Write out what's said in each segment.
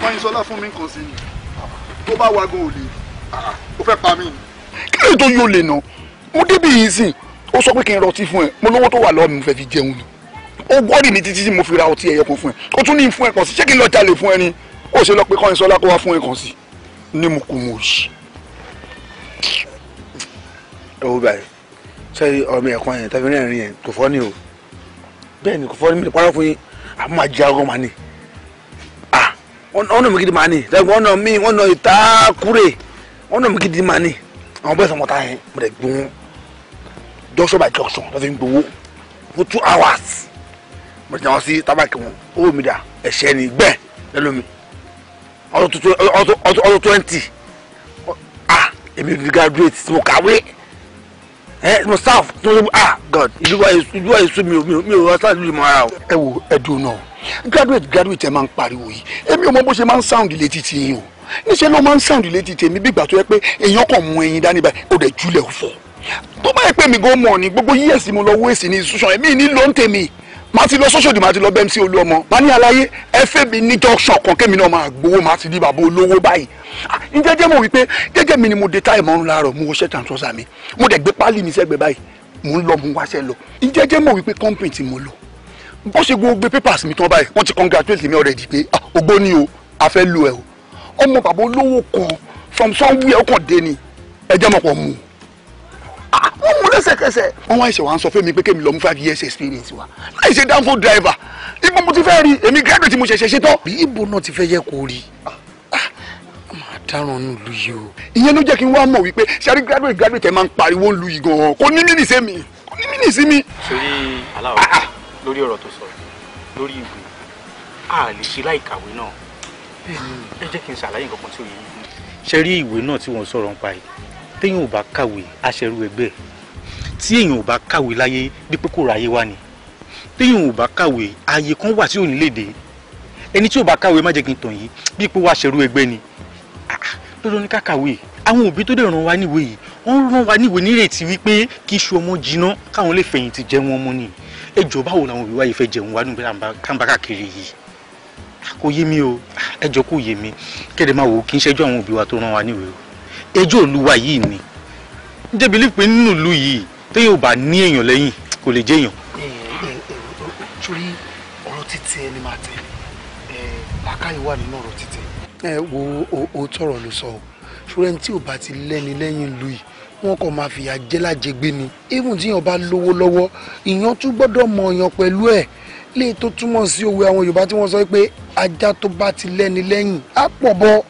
Kọ́yinsọ́lá fún mi nǹkan sí ni tó bá wagun ò lè ó fẹ́ pa mí. kí lè tó yóò lè nà mo débi yìí sìn ó sọ pé kí n rọtí fún ẹ mo lówó tó wà lọ́wọ́ mi mo fẹ́ fi jẹun ni ó gbọ́dì mi títí tí mo fi ra ọtí ẹyọ kan fún ẹ ó tún ní fún ẹ kàn sí ṣé kí n lọ jalè fún ẹ ni ó ṣe lọ pé Kọ́yinsọ́lá kó wá fún ẹ kàn sí ní mo kò mọ̀ sí. ẹ wo báyìí sẹ́yìn ọmọ ẹ̀kọ́ yẹn tàbí rẹ́rìn yẹn kò fọ́ ni o bẹ́ẹ̀ ni kò fọ́ ni mi lè parọ́ fún yín àmọ́ àjẹ́ ọgọ́ màá ni wọn nọ mi gidi maa ni dẹgbẹ wọn nọ mi wọn nọ ìta kure wọn nọ mi gidi maa ni àwọn bẹ́ẹ̀ sọmọta yẹn mo dẹ̀ gbọ́n junction by junction lọ́sẹ̀ ń gbowó for two hours mo ti jà wọn sí tábàkì wọn owó mi dà ẹ̀ṣẹ̀ ni gbẹ́ lẹ́nu mi ọdún twenty ah èmi graduate mo kàwé ẹ eh, mo ah god ìdúwà ìdúwà èso mi ò mi ò wá sáà lórí mọ ara o. ẹ wo ẹdùn náà graduate graduate ẹ máa ń pariwo yìí èmi ò mọ bó ṣe máa ń sound létí ti yín o níṣẹ́ ló máa ń sound létí tèmi bí ìgbà tó yẹ pé èèyàn kàn mú ẹyin dání báyìí kò dẹ̀ jùlẹ̀ fọ́ tó bá yẹ pé mi gan mọ̀ ni gbogbo yíyẹ̀sì mo lọ wéèsì ní ìsúnṣan ẹ̀mí ní ló ń tèmi màá ti lọ sọ́sọ́dì màá ti lọ bẹ́ẹ̀ sí olú ọmọ màá ní aláyé ẹ fẹ́ mi ní junction kan kémi náà máa gbowó màá ti di bàbá olówó báyìí njẹ́jẹ́ ah, mo wí pé jẹ́jẹ́ mi ni mo de táì mọ́rún láàárọ̀ mo wọṣẹ́ tàǹtọ́sà mi mo dẹ̀ gbé pálí mi sẹ́gbẹ̀ẹ́ báyìí mo ń lọ mo wáṣẹ́ lọ njẹ́jẹ́ mo wí pé company tí mo lọ bó ṣe gbogbo papers mi tán báyìí wọ́n ti congratulate mi already pé ògbó ah, ni o a fẹ́ lu ẹ o ọmọ bàbá olówó kan from somewhere ó kàn dé ni ẹ mọ̀ pọ̀ mu wọ́n mú lẹ́sẹ̀kẹsẹ̀. wọ́n wá ìṣẹ̀wá ń sọ fún mi pé kémi lọ mú five years experience wa láì ṣe downfall driver ibo mo ti fẹ́ rí èmi graduate mo ṣẹ̀ṣẹ̀ ṣe tán. ibo náà ti fẹ́ yẹ kó rí ah, ah. dáràn nílùú yìí o. ìyẹn ló jẹ́ kí n wá mọ̀ wípé sari graduate graduate ẹ̀ máa ń pariwo lu ìgàn ọ̀ kò ní mímì sí mi kò ní mímì sí mi. sori aláwọ̀ ah, lórí ọ̀rọ̀ tó sọ lórí ìwé a lè ṣe láì kàwé náà ẹ jẹ́ kí n ṣàlàyé nǹkan kan tí ò yẹ yín. ṣe rí ìwé náà tí wọ́n sọ̀rọ̀ ń pa yìí téèyàn ò bá kàwé aṣẹ́rú ẹgbẹ́ ẹ̀ tí èèyàn ò bá kàwé láyé dípò kò ráyé wá ni téèyàn ò bá kàwé ààyè kan wà tí ò ní lè dé ẹni tí ò bá kàwé má jẹ́ kí n tàn yìí bí ipò wa ṣerú ẹgbẹ́ ni ah, lọ́dọ̀ ní ká kàwé àwọn òbí tó dẹ̀ ràn wá níwèé yìí wọ́n ràn wá níwèé nírètí wípé kí iṣu ọmọ jiná káwọn lè fẹ̀yìntì jẹun ọmọ ni ẹjọ́ báwo làwọn òbí wa yìí fẹ́ jẹun wá níbi kàǹbá káàkiri yìí ah, kò yé mi o ah, ẹjọ́ kò yé mi kéde máa wò ó kí n ṣẹ́jú àwọn òbí wa tó ràn wá níwèé o ẹjọ́ òluwa yìí ni jẹ́bi lípin nínú ìlú yìí téèyàn ò bá ní èèyàn lẹ́yìn kò lè jẹ́ èèyàn. sórí ọ̀rọ̀ títí ẹni máa tẹ̀ làákàyè wà nínú ọ̀rọ̀ títí. ẹ wo òótọ́ ọ̀rọ̀ ló sọ o sórí ẹni tí ò bá ti lẹ́ni lẹ́yìn lu yìí wọn kò máa fìyà jẹ lájẹgbé ni even tí èèyàn bá lówó lọ́wọ́ èèyàn tún gbọ́dọ̀ mọ èèyàn pẹ̀lú ẹ̀ lè tó túmọ̀ sí òwe àwọn Yorùbá tí wọ́n sọ pé ajá tó bá ti lẹ́ni lẹ́yìn á pọ̀ bọ́.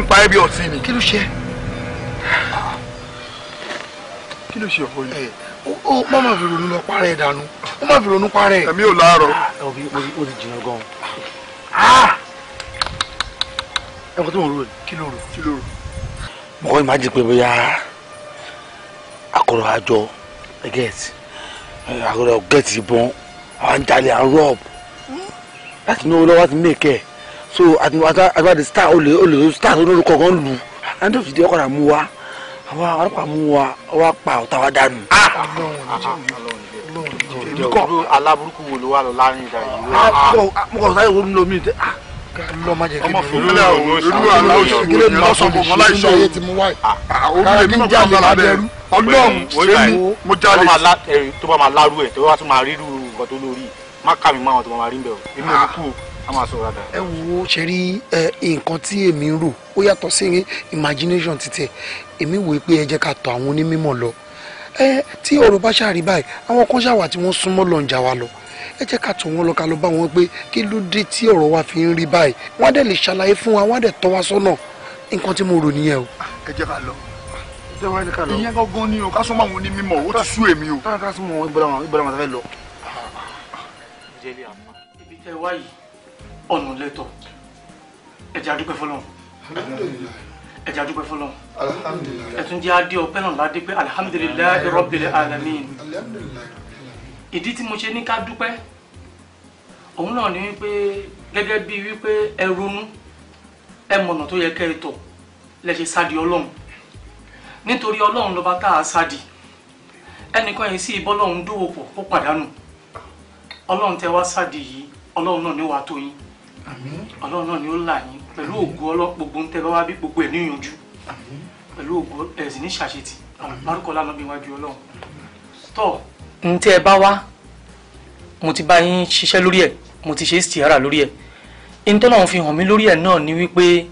ń parí bí ọtí ni. kí ló ṣe kí ló ṣe ọkọ yìí. ó má má fi ronú lọ parẹ́ ẹ̀ dànù ó má fi ronú parẹ́ ẹ̀. èmi ò láàárọ̀. òbí ó ti jìnnà gan-an. ẹ̀kọ́ tó ń ro kí ló ro kí ló ro. mo kọ́ ìmájì pé bóyá akọ̀rọ̀ àjọ gẹ̀ẹ́tì akọ̀rọ̀ gẹ̀ẹ́tì ìbọn àwọn jalè àwọn rọ́ọ̀bù láti ní owó lọ́wọ́ ti mí kẹ́ ẹ̀ so àtibáde star olè olè star olórúkọ kan lù and of the day ọkọ̀dà mú wa àwa ọlọ́pàá mú wa wa pa ọ̀tá wa dànù. ìdíkọ̀ aláburúkú wo ló wà lọ láàrin ìdá yìí. mo kọ̀ sáyẹ̀ wo ló mi tẹ́ ọmọ fúnlẹ̀ òwò olúwa aláwọ̀ kílẹ̀ mi lọ́sọ̀ mọ̀mọ́ láìsọ̀ òwò ti mú wáyé. olúwa mi jà lè lábẹ́ ọlọ́run ṣé mo mo já lè. tó bá máa lárú ẹ̀ tó bá tún máa rírú nǹkan tó lórí má kà mí má wọn tó máa rí bẹ́ẹ̀ o èmi ò ní kú o a máa sọ̀rọ̀ dáadáa. ẹ wo ṣe rí nǹkan tí èmi ń rò ó yàtọ̀ sí imagination títẹ̀ èmi wòye pé ẹ jẹ́ ká tọ̀ àwọn onímọ̀ lọ ẹ tí ọ̀rọ̀ bá ṣàrí báyìí àwọn kan ṣàwà tí wọ́n súnmọ́ lọ́njà wa lọ ẹ jẹ́ ká tọ̀ wọ́n lọ ká lọ bá wọn pé kí ló dé tí ọ̀rọ̀ wa fi ń rí báyìí wọ́n á dẹ̀ lè ṣàlàyé fún wa wọ́n á dẹ̀ tọ́ wa sọ́nà nǹkan tí mo rò nìyẹn o. Ah, ẹ jẹ́ ká lọ ìyẹn gangan ni o ká sọ máwọn onímọ̀ o ti sú èmi o. táwọn ká sọ mọ ìbúra wọn ìbúra wọn ta fẹ́ lọ. Ah, ah, ẹ wáyìí ọ̀nà lẹ́tọ̀ ẹ̀jẹ̀ adúpẹ́ fọlọ́run ẹ̀jẹ̀ adúpẹ́ fọlọ́run ẹ̀tún jẹ́ adé ọpẹ́ náà ládé pé alihamudulilayi rabbil alamin ìdí tí mo ṣe ní ká dúpẹ́ òun náà ni wípé gẹ́gẹ́ bí wípé ẹ ronú ẹ mọ̀nà tó yẹ kẹ́ ẹ tọ̀ lẹ ṣe sádi ọlọ́run nítorí ọlọ́run lọ́ba tá a sádi ẹnìkan yìí sí ìbọ́lọ́run dòwò pọ̀ ó pàdánù ọlọ́run tẹ wá sádi yìí ọlọ́run náà ní wàá tó yín ọlọ́run náà ni ó là yín pẹ̀lú ògùn ọlọ́gbogbo ń tẹ́ bá wá bí gbogbo ẹ̀ níyanjú pẹ̀lú ògùn ẹ̀sìn ní ṣàṣetì lárúkọ lánàá bí wájú ọlọ́run tọ́. n tẹ́ ẹ bá wá mo ti bá yín ṣiṣẹ́ lórí ẹ̀ mo ti ṣe é sìtìyàrá lórí ẹ̀ ìtọ́nà fi hàn mí lórí ẹ̀ náà ni wípé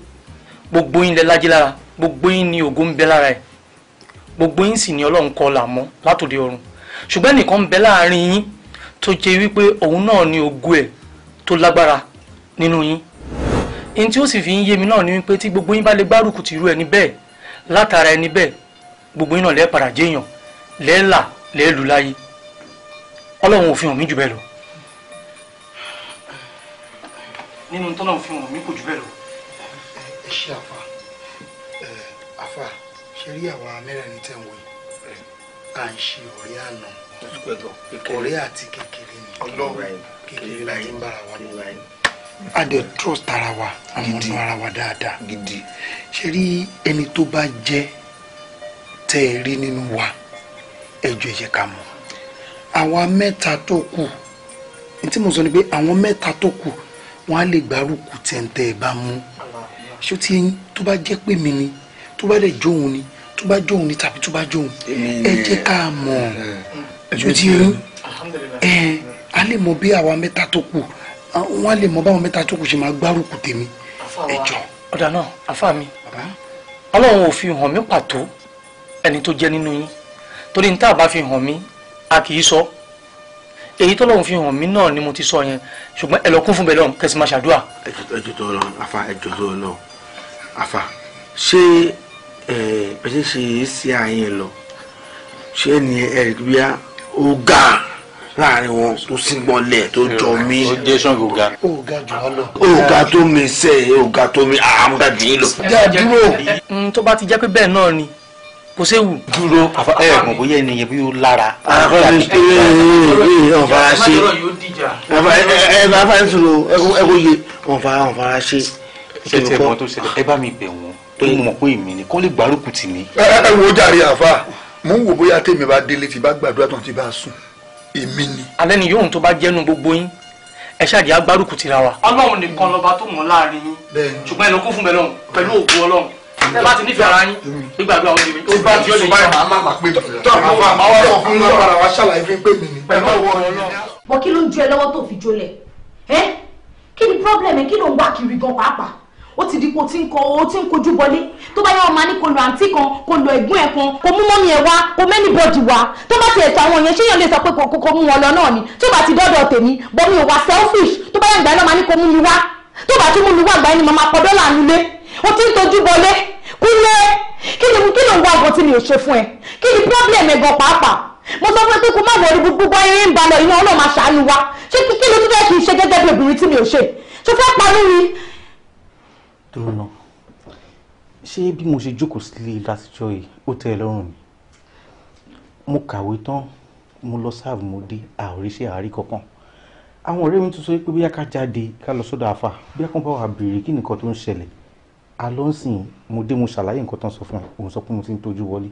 gbogbo yín lẹ lájẹ́ lára gbogbo yín ni ògo ń bẹ lára ẹ̀ gbogbo yín sì ni ọlọ́run kọ tó lágbára nínú yín ẹni tí ó sì fi ń yé mi náà ni wípé tí gbogbo yín bá lè gbárùkù tìrú ẹni bẹ́ẹ̀ látara ẹni bẹ́ẹ̀ gbogbo yín náà lẹ́ẹ̀ padà jẹ́yàn lẹ́ẹ̀ là lẹ́ẹ̀ lù láyé ọlọ́run ò fi hàn mí jù bẹ́ẹ̀ lọ. nínú tọ́lá òfin hàn mí kò jù bẹ́ẹ̀ lọ. ẹ ṣe àfa àfa ṣe rí àwa mẹ́rẹ̀ẹ̀rin tẹ̀ wọ̀nyí à ń ṣe ọ̀rẹ́ àná ọ̀rẹ́ àti kékeré ni kékeré láti ń bára wa lọ a dẹ̀ trust ara wa àmọ́nú ara wa dáadáa gidi ṣe rí ẹni tó bá jẹ́ tẹ́ ẹ rí nínú wa ẹjọ́ ẹ̀yẹ ká mọ̀ àwa mẹ́ta tó kù ní tí mo sọ ni pé àwọn mẹ́ta tó kù wọ́n á lè gbárùkù tẹ̀ǹtẹ̀ ẹ̀ bá mú ṣé tí tó bá jẹ́ pé mi ni tó bá dẹ̀ jóun ni tó bá jóun ni tàbí tó bá jóun ẹ jẹ́ ká mọ̀ ẹjọ́ tí ẹ a lè mọ bí àwa mẹ́ta tó kù Ah, wọn lè mọ báwọn mẹ́ta tó kù ṣe máa gbárùkù tèmi ẹjọ. ọ̀dà náà àfa mi ọlọ́run ò fi hàn mí pàtó ẹni tó jẹ́ nínú yín torí níta bá fi hàn mí a kì í sọ èyí tọ́lọ́run fi hàn mí náà ni mo ti sọ yẹn ṣùgbọ́n ẹ lọ kún fún bẹ́ẹ̀ lọ́run kẹsì máa ṣàdúrà. ẹjọ tó lọ àfa ẹjọ tó lọ àfa ṣé bẹ́ẹ̀ ṣe é sí àyẹn lọ ṣé ni ẹ̀rí bíyà ó ga láàrin wọn tó sígbọ́nlẹ̀ tó jọ mí. ó jẹ́ sàn o ògà jù wá lọ. ògà tó mi sẹ́ ẹ̀ ògà tó mi àmúgà jù yín lọ. jà dúró. Mm, tó bá ti jẹ́ pé bẹ́ẹ̀ náà ni kò séwu. dúró ẹ mọ̀ bóyá ènìyàn bí ó lára. àfàlẹ́ ọ̀fàrà ṣe ẹ bá fà ń sùn o ẹ kò yẹ ọ̀fàrà ọ̀fàrà ṣe. ṣé tí ẹ mọ̀ tó ṣẹlẹ̀ ẹ bá mi bẹ̀ wọ́n tó mọ̀ pé èmi ni kó lè gbárùkù tì mí. ẹ wo jàre àfà mò ń wò bóyá tèmi bá délé ti bá gbàdúrà tán ti bá sùn èmi ni. alẹ́ ni yóò tó bá jẹ́nu gbogbo yín ẹ ṣáàjì agbárùkù tira wa. ọlọ́run nìkan lọ́ba tó mọ̀ láàrin yín ṣùgbọ́n ẹ̀ ló kún fún bẹ́ẹ̀ lọ́hùn pẹ̀lú ògo ọlọ́run ẹ bá ti nífẹ̀ẹ́ ara yín gbígbàdúrà ó níbi. ó bá ti sùn báyìí màá má pè mí. tó àwọn àwọn ọ̀rọ̀ fún lọ́wọ́ ara wa ṣàlàyé fi pè mí ni. pẹ̀lú ọwọ́ ọlọ́run. bọ́ kí ló ń ju ẹ lọ́wọ́ tó fi jólẹ̀ ẹ́ kí ni problem ẹ kí ló ń wá kiri gan pàápàá ó ti di kó tí ń kọ ó tí ń kojú bọlé tó bá yẹ ọmọ ní kò lọ àǹtí kan kò lọ ẹ̀gbọ́n ẹ̀ kan kò mú mọ́mí ẹ̀ wá kò mẹ́ni bọ́ọ̀dì wá tó bá ti ẹ̀tọ́ àwọn yẹn ṣé yẹn lè sọ pé kò mú wọn lọ náà ni tó bá ti dọ́dọ̀ tèmi bọ́mí ò wá selfish tó bá yẹ ìgbà náà máa ní kò mú mi wá tó bá tún mú mi wá ìgbà yẹn ni màmá kọ dọ́là nulé ó ti ń tojú bọlé kúnlé kí ni kí ló ń wá ọgbọ́n tí mi ò ṣe fún ẹ kí ni problem ẹ̀ gan pàápàá mo sọ fún ẹ pé kó má wọrí gbogbo ayé ń balẹ̀ iná ọlọ́run máa ṣàánú wa ṣé kí ló tún fẹ́ kí n ṣe gẹ́gẹ́ bí obìnrin tí mi ò ṣe ṣe fẹ́ parí ni dúró náà ṣé bí mo ṣe jókòó sílé látijọ́ yìí ó tẹ́ ẹ lọ́rùn ni mo kàwé tán mo lọ sáàbù mo dé àríṣẹ́ àárí kankan àwọn ọ̀rẹ́ mi tún sọ pé bóyá ká jáde ká lọ sọ́dọ̀ àfà bóyá kàn bá wà béèrè kí nìkan tó ń ṣẹlẹ̀ alọ́ ń sìn mo dé mo ṣàlàyé nǹkan tán sọ fún ẹ òun sọ pé mo ti ń tójú wọlé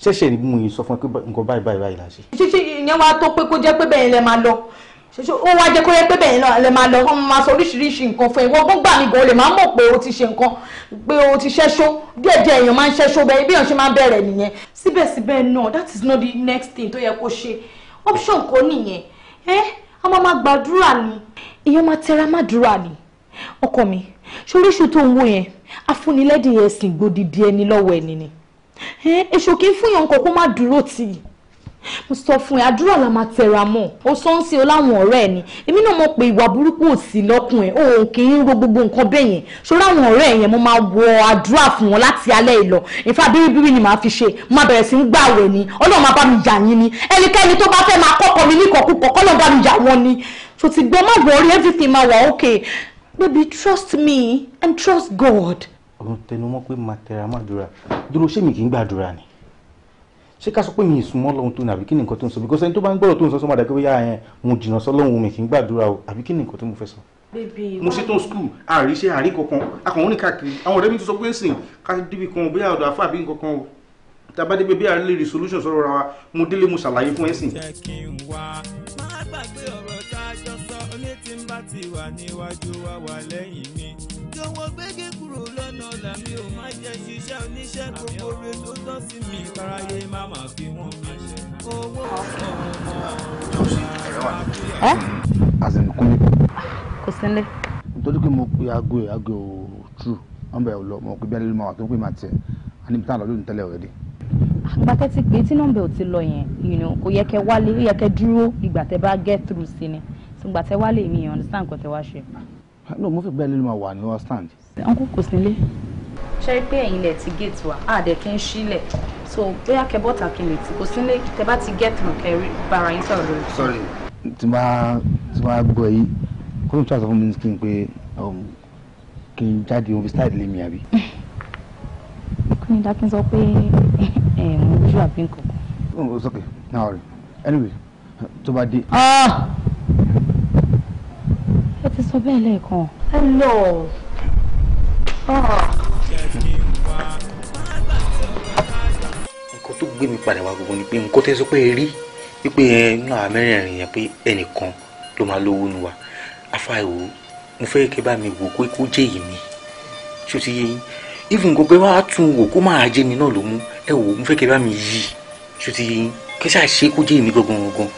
ṣẹ̀ṣẹ̀ ni mo yìí sọ fún ẹ pé nǹkan báyìí báyìí báyìí la ṣe. ṣíṣe ṣoṣo ó wá jẹ́ kó yẹ pé bẹ́ẹ̀ náà lè máa lọ wọ́n máa sọ oríṣiríṣi nǹkan fún ẹ wọ́n gbọ́n gan o lè máa mọ̀ pé o ti ṣe nǹkan pé o ti ṣẹ́ṣó díẹ̀díẹ̀ èèyàn máa ń ṣẹ́ṣó bẹ́ẹ̀ bí èèyàn ṣe máa bẹ̀rẹ̀ nìyẹn síbẹ̀síbẹ̀ náà that is not the next thing tó yẹ kó ṣe option kò nìyẹn ẹ a máa máa gbàdúrà ni èèyàn máa tẹra máa dúrà ni ọkọ mi ṣoríṣi tó ń wò yẹn afúnilẹ́dìyẹ ẹ̀sìn gbòdìdí ẹni lọ́wọ́ ẹni ni èṣù kì í fún yàn kó má dúró tì í mo sọ fún ẹ àdúrà la máa tẹra mọ́ ó sọ ń ṣe ọ láwọn ọ̀rẹ́ ẹ ni èmi náà mọ̀ pé ìwà burúkú ò sí lọ́kùn ẹ òun kì í ro gbogbo nǹkan bẹ́ẹ̀ yẹn ṣọ́ra àwọn ọ̀rẹ́ ẹ yẹn mo máa wọ àdúrà fún wọn láti alẹ́ ìlọ ìfà bíríbírí ni màá fi ṣe máa bẹ̀rẹ̀ sí ń gbà wẹ̀ ni ọlọ́run máa bá mi yà yín ni ẹnikẹ́ni tó bá fẹ́ máa kọ́kọ́ mi níkọ̀ọ́kọ́ kọ́ bá mi yà wọ́n ni so ti gbọ́ má wọrí everything máa wà baby trust me and trust God. ọ̀run tẹnumọ́ pé màá tẹra máa dúra dúró ṣé mi kì ṣé ká sọ pé mi ì súnmọ́ lọ́hún tó ní àbí kí ni nǹkan tó ń sọ because ẹni tó bá ń gbọ́dọ̀ tó ń sọ sọ́mọ́ àdàgbé bóyá yẹn mo jìnnà sọ lọ́hún mi kì í gbàdúrà o àbí kí ni nǹkan tó mo fẹ́ sọ. mo ṣetán school àríṣe àrí kankan akọ̀wọ́n ní káàkiri àwọn ọ̀rẹ́ mi ti sọ pé ń sìn ká débi kan bóyá ọ̀dọ̀ àfọ àbí nǹkan o tàbá débi bí àrí lè sọ̀rọ̀ ra wa mo délé mo ṣàlàyé fún ẹ̀ sìn. má gbàgbé ọ̀rọ̀ mo gbégi kúrò lọ́nà ọ̀la mi ò má jẹ́ ṣiṣẹ́ oníṣẹ́ gbogbo rẹ tó tọ́ sí mi káráyé má má fi wọ́n mi ṣe owó ọ̀ọ́ kò sílé. nítorí pé mo pe aago ẹ̀ aago ò tù wọ́n lọ mo pe bí ẹni ló máa wà tó ń pè máa tiẹ̀ á níbi táwọn lọ́dún tẹ́lẹ̀ ọ̀rẹ́dì. àgbà tẹ́tí pé tí nọ́mbà ò ti lọ yẹn kò yẹ kẹ́ wálé ó yẹ kẹ́ dúró ìgbà tẹ́ bá get through sí ni ìgbà tẹ́ wálé mi yẹn understand nǹkan tẹ́ wá ṣe. Ah, no mo fi bẹ́ẹ̀ lè máa wà ní wá stand. uncle kò sí nílé. ṣe rí pé ẹ̀yin lẹ̀ ti gate wa a dẹ̀ kí n sílẹ̀ so bóyá kẹbọ́tà kí n lè ti kò sí nílé tẹ bá ti get through kẹrí bára yín sọ̀rọ̀ lórí. sorry tí máa tí máa gbọ́ yìí kó tó ń sọ fún mi kí n pé um, kí n jáde òun fi style lé mi àbí. kí ni dákín sọ pé ẹ eh, mo lójú àbí nǹkan. Oh, it's okay now anyway tó bá dé. Ah! sọ bẹ́ẹ̀ lẹ́ẹ̀kan. I love. nǹkan tó gbé mi padà wá gbogbo ni pé nǹkan tẹ́ sọ pé rí wípé nínú àwọn mẹ́rẹ̀ẹ̀rin yẹn pé ẹnìkan ló máa lówó nu wa afáìwò mo fẹ́ kí bá mi wò pé kó jẹ́ èyí mi ṣó ti yé yín even gbogbo ẹ wá tún wò kó máa jẹ mi náà ló mú ẹ wò mo fẹ́ kí bá mi yí ṣó ti yé yín kí ṣáà ṣe kó jẹ́ èmi gangan gangan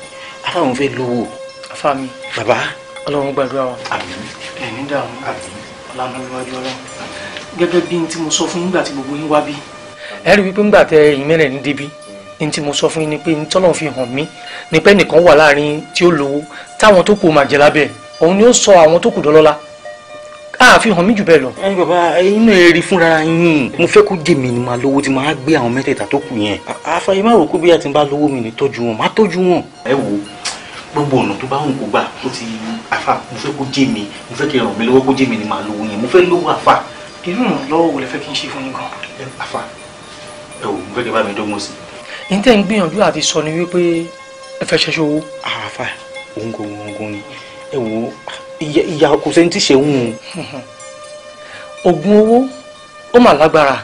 afáwọn fẹ́ lówó. afá mi. bàbá ọlọ́run gbàdúrà wa. àmín ẹ̀yin dàrún àmín ọ̀làna olúwájú ọlọ́run gẹ́gẹ́ bí n tí mo sọ fún yín nígbà tí gbogbo yín wá bí. ẹ rí wípé ńgbà tẹ ẹ̀yin mẹ́rẹ̀ ń débi n tí mo sọ fún yín ni pé tọ́lọ́run fi hàn mí ni pé nìkan wà láàrin tí ó lówó táwọn tó kù máa jẹ lábẹ́ òun ni ó sọ àwọn tó kù dọ́lọ́lá àfi hàn mí jù bẹ́ẹ̀ lọ. ẹyin bàbá inú ẹ rí fúnra yín mo fẹ́ kó jèmi ni màá lówó tí màá gbé àwọn mẹ́tẹ̀ẹ̀ta tó kù yẹn. àfàyè má rò kó bí a ti bá lówó mi ní tọ́jú wọn má tọ́jú wọn. ẹ wo gbogbo ọ̀nà tó bá wù kó gbà ó ti àfà mo fẹ́ kó jẹ́ mi mo fẹ́ kí ẹ ràn mí lọ́wọ́ kó jẹ́ mi ni màá lówó yẹn mo fẹ́ lówó àfà. irú ìrànlọ́wọ́ wo lẹ fẹ́ kí n ṣe fún yín gan. àfà ẹ ò mo fẹ́ kí ẹ bá mi dọ́gbọ́n sí. ní tẹ́ ń gbìyànjú àti sọ ni wípé ẹ fẹ́ ṣẹṣẹ owó. àfà òun kò ni ẹ wo ìyá kò sẹ́ni tí ṣe wù. oògùn owó ó mà lágbára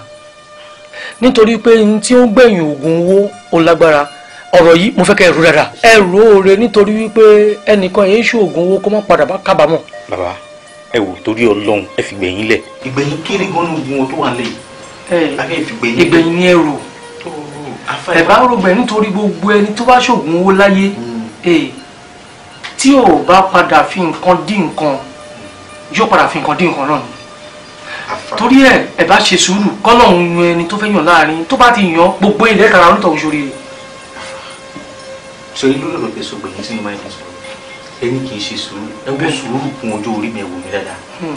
nítorí pé ní tí ó gbẹ̀yìn oògùn owó ó lágbára ọ̀rọ̀ yìí mo fẹ́ kẹ́ ẹ rú dáadáa ẹ rò ó re nítorí wípé ẹnìkan yẹn ṣoògùn owó kó má padà bá kábàámọ̀. bàbá ẹ wò torí Ọlọ́run ẹ fi gbẹ̀yìn lẹ̀. ìgbẹ̀yìn kéré gan-an ogun wọn tó wà lẹ́yìn. ìgbẹ̀yìn ni ẹ rò ẹ bá rò bẹ́ẹ̀ nítorí gbogbo ẹni tó bá ṣoògùn owó láyé hmm. eh, tí ò bá padà fi nǹkan dín nǹkan yóò padà fi nǹkan dín nǹkan náà ni torí ẹ ẹ bá ṣe sùúrù kọ́lọ́hún yan ẹni tó fẹ́ yàn láàrin tó bá ti yàn gbogbo ilẹ̀ kára onítọ̀hún ṣoríire sọ yìí lórí ọ̀rọ̀ tẹ̀sọ̀ gbẹ̀yìn tí mo máa ń yẹn sọ̀rọ̀ ẹni kì í ṣe sùúrù ẹ wọ sùúrù kún ojú orí mi ẹ wò mí dáadáa hmm.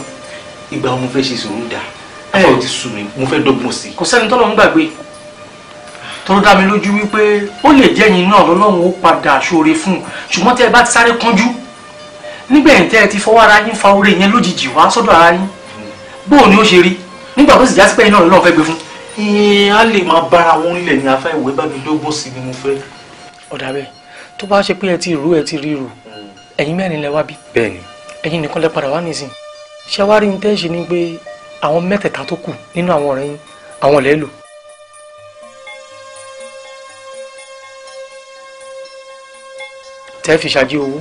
ìgbà mo fẹ́ ṣe sùúrù dáa àpá ò ti sú mi mo fẹ́ dọ́gbọ́n sí i. kò sẹ́ni tọ́lọ́ ń gbàgbé tọ́lọ́ dá mi lójú wípé ó lè jẹ́ ẹ̀yin náà lọ́lọ́run ó padà ṣoore fún un ṣùgbọ́n tẹ́ ẹ bá ti sáré kánjú nígbà yẹn tẹ́ ẹ ti fọwọ́ ara yín fa oore yẹn lójijì wá sọ́dọ̀ ara yín bóò ni ó ṣe rí nígbà tó sì já sí pé tó bá ṣe pé ẹ ti rú ẹ ti ríru ẹ̀yin mẹ́rin lẹ wá bí. bẹ́ẹ̀ni. ẹ̀yin nìkan lẹ padà wá nísìn ṣé wàá rí ní tẹ́ẹ̀ṣì ni pé àwọn mẹ́tẹ̀ẹ̀ta tó kù nínú àwọn ọ̀rẹ́ yín àwọn lẹ́ẹ̀ lò. tẹ́ẹ̀ fi ṣáájú owó.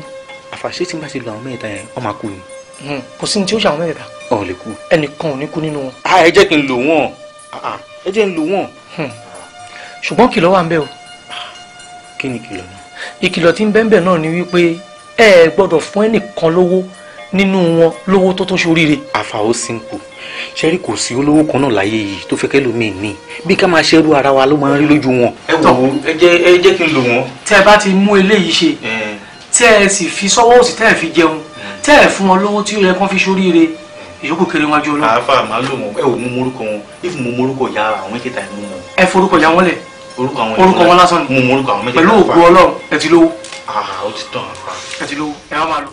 àfàṣe tí n bá ti lo àwọn mẹ́ta yẹn ọ máa kú ni. Hmm. kò sí ní tí ó ṣe àwọn mẹ́tẹ̀ẹ̀ta. ọ lè kú. ẹnìkan ò ní kú nínú wọn. a ah, ẹ jẹ́ kí n lò wọ́n ah, ah, ẹ jẹ́ n lò wọ́n. Hmm. ṣùgbọ́n kìlọ̀ wà ń bẹ o. kí ni kìlọ̀ náà ìkìlọ̀ tí ń bẹ́ńbẹ̀ náà ni wípé ẹ gbọ́dọ̀ fún ẹnìkan lówó nínú wọn lówó tó tó ṣoríire. àfàó simple ṣẹ́rí kò sí olówó kan náà láyé yìí tó fẹ́ kẹ́ lómi ní bí ká máa ṣerú ara wa ló máa ń rí lójú wọn. ẹ wò ó ẹ jẹ́ ẹ jẹ́ kí n lò wọ́n. tẹ́ ẹ bá ti mú eléyìí ṣe tẹ́ ẹ sì fi sọ́wọ́ òsì tẹ́ ẹ fi jẹun tẹ́ ẹ fún wọn lówó tí ó yẹ kán fi ṣoríire ìyókù kiri wájú ọlọ́run. àáfà màá lò wọn ẹ ò mú morúkọ wọn if mo morúkọ ya àwọn ìkẹta ẹ mú wọn. ẹ forúkọ ya wọn lẹ orúkọ wọn lásán ni mo mọ orúkọ àwọn méjèèjì pẹ̀lú òkú ọlọ́run ẹ ti lówó ó ti tàn án ẹ ti lówó ẹ wá máa lọ.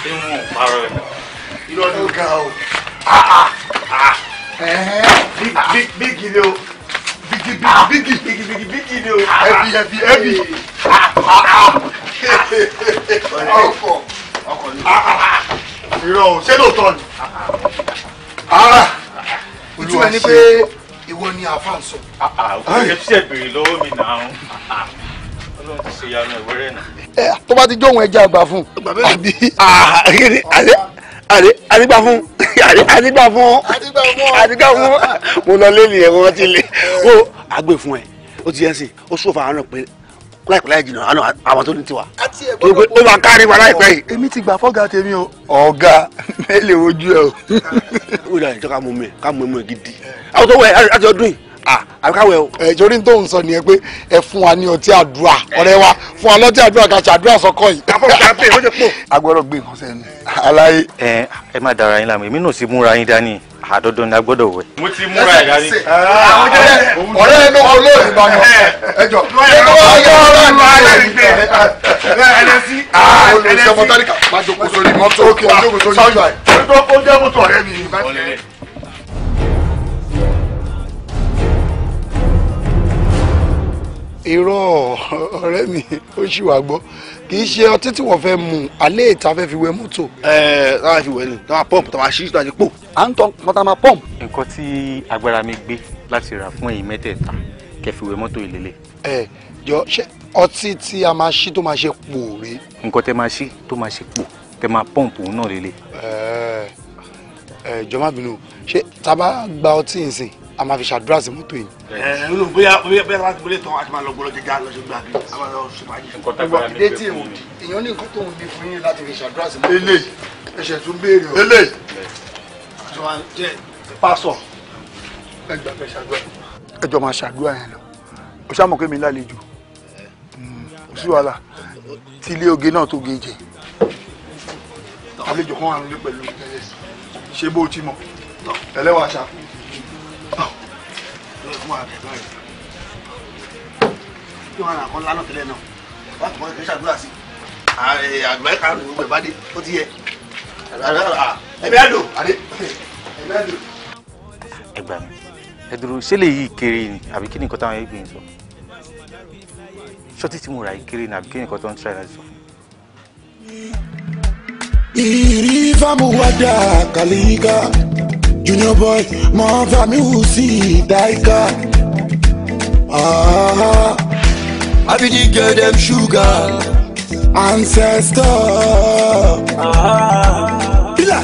ṣé wọn ò parọ́ ẹ̀ irọ́ ló ga o ah, ah, ah. bígì ni o bígì bígì bígì bígì bígì ni o ẹbí ẹbí ẹbí ọ̀fọ̀ ọkọ ni. irọ́ o ṣé lóòótọ́ ni. ìtumọ̀ ni pé ìwọ ni àáfàá ń sọ. Ah, ah, òkè tí ṣe béèrè lọ́wọ́ mi náà ah, ọlọ́run ti ṣe ìyanu ìwẹ́rẹ́ náà. tó bá ti jóhun ẹja àgbà fún un. àbí àdé àdígbà fún àdígbà fún àdígbà fún mo lọ lé nìyẹn wọn ti lé o àgbè fún ẹ o ti yẹn sìn o sọ fún àwọn náà pé láìpẹ́ láì jìnnà àná àwọn tó ní tiwa. ó máa kárí wa láìpẹ́ yìí. èmi ti gbà fọ́gà tèmi o. ọ̀gá mẹ́lẹ̀ ojú ẹ o. ó dà ní ìjọ ká mú mi ká mú mi gidi. àwọn tó wẹ̀ àti ọdún yìí àbíkáwé o. ẹ jorí tó ń sọ nìyẹn pé ẹ fún wa ní ọtí àdúrà ọ̀rẹ́ wa fún wa lọtí àdúrà kà ṣàdúrà sọkọ yìí. káfọ́ káfíń ó jẹ pò. gbé ẹ ẹ má dara yín láàmú èmi náà sì múra yín dání ni a gbọ́dọ̀ wẹ̀. mo ti múra ẹ̀ dání. àwọn jẹ́ bá ẹ irọ́ ọ̀rẹ́ mi ó ṣì wà gbọ́ kì í ṣe ọtí tí wọ́n fẹ́ mu alẹ́ ìta fẹ́ fi wẹ mọ́tò. ẹ ẹ táwọn fi wẹ ni táwọn pọ́ǹpù táwọn aṣíṣí tó àti pò. à ń tọ́ pátá máa pọ́ǹpù. nǹkan tí agbára mi gbé láti rà fún ẹ̀yin mẹ́tẹ̀ẹ̀ta kẹ́ fi wẹ mọ́tò ìlélẹ̀. ẹ jọ ṣe ọtí tí a máa ṣí tó máa ṣe pò rí. nǹkan tẹ máa ṣí tó máa ṣe pò tẹ máa pọ́ǹpù náà lélẹ̀. ẹ ẹ jọ a máa fi ṣàdúrà sí mọ́tò yìí. ẹ ẹ bóyá bóyá bóyá bá ti gbélé tán a ti máa lọ gbọ́dọ̀ jẹjẹ lọ sí gbà bí a máa lọ sí báyìí. ìwà ìdè tí èèyàn di èèyàn ní nǹkan tó ń di fún yín láti fi ṣàdúrà sí mọ́tò yìí. ele ẹsẹ̀ tún béèrè o. ele pásọ ẹgbẹ́ fẹ́ ṣàdúrà. ẹjọ máa ṣàdúrà yẹn lọ o ṣàmọ̀ pé mi lálejò hmm, kò sí wàhálà tí ilé oge náà tó ge jẹ àlejò kan wà nílé pẹ̀lú ṣé bó ti mọ̀ ẹlẹ́wàá ṣàkóso fún ààrẹ náà yìí kí wọn àkọ́ lánà tẹ́lẹ̀ náà wọn kò kí n ṣàdúrà sí ààrẹ àgbáyé kan lòún gbẹ bá dé ó ti yẹ ẹbí àdó àdé ẹbí àdó. ẹ gbà mí ẹ dúró ṣé lè yí ìkéré ni àbí kí ni nǹkan táwọn ẹgbẹ́ yìí sọ ṣọ́tí tí mo ra ìkéré ni àbí kí ni nǹkan tó ń tíra ẹ̀ sọ. ìrírí fámuwádà kàlíkà junior boy mọ fami wù sí daika. I be the girl dem sugar. ancestor. Ah. mila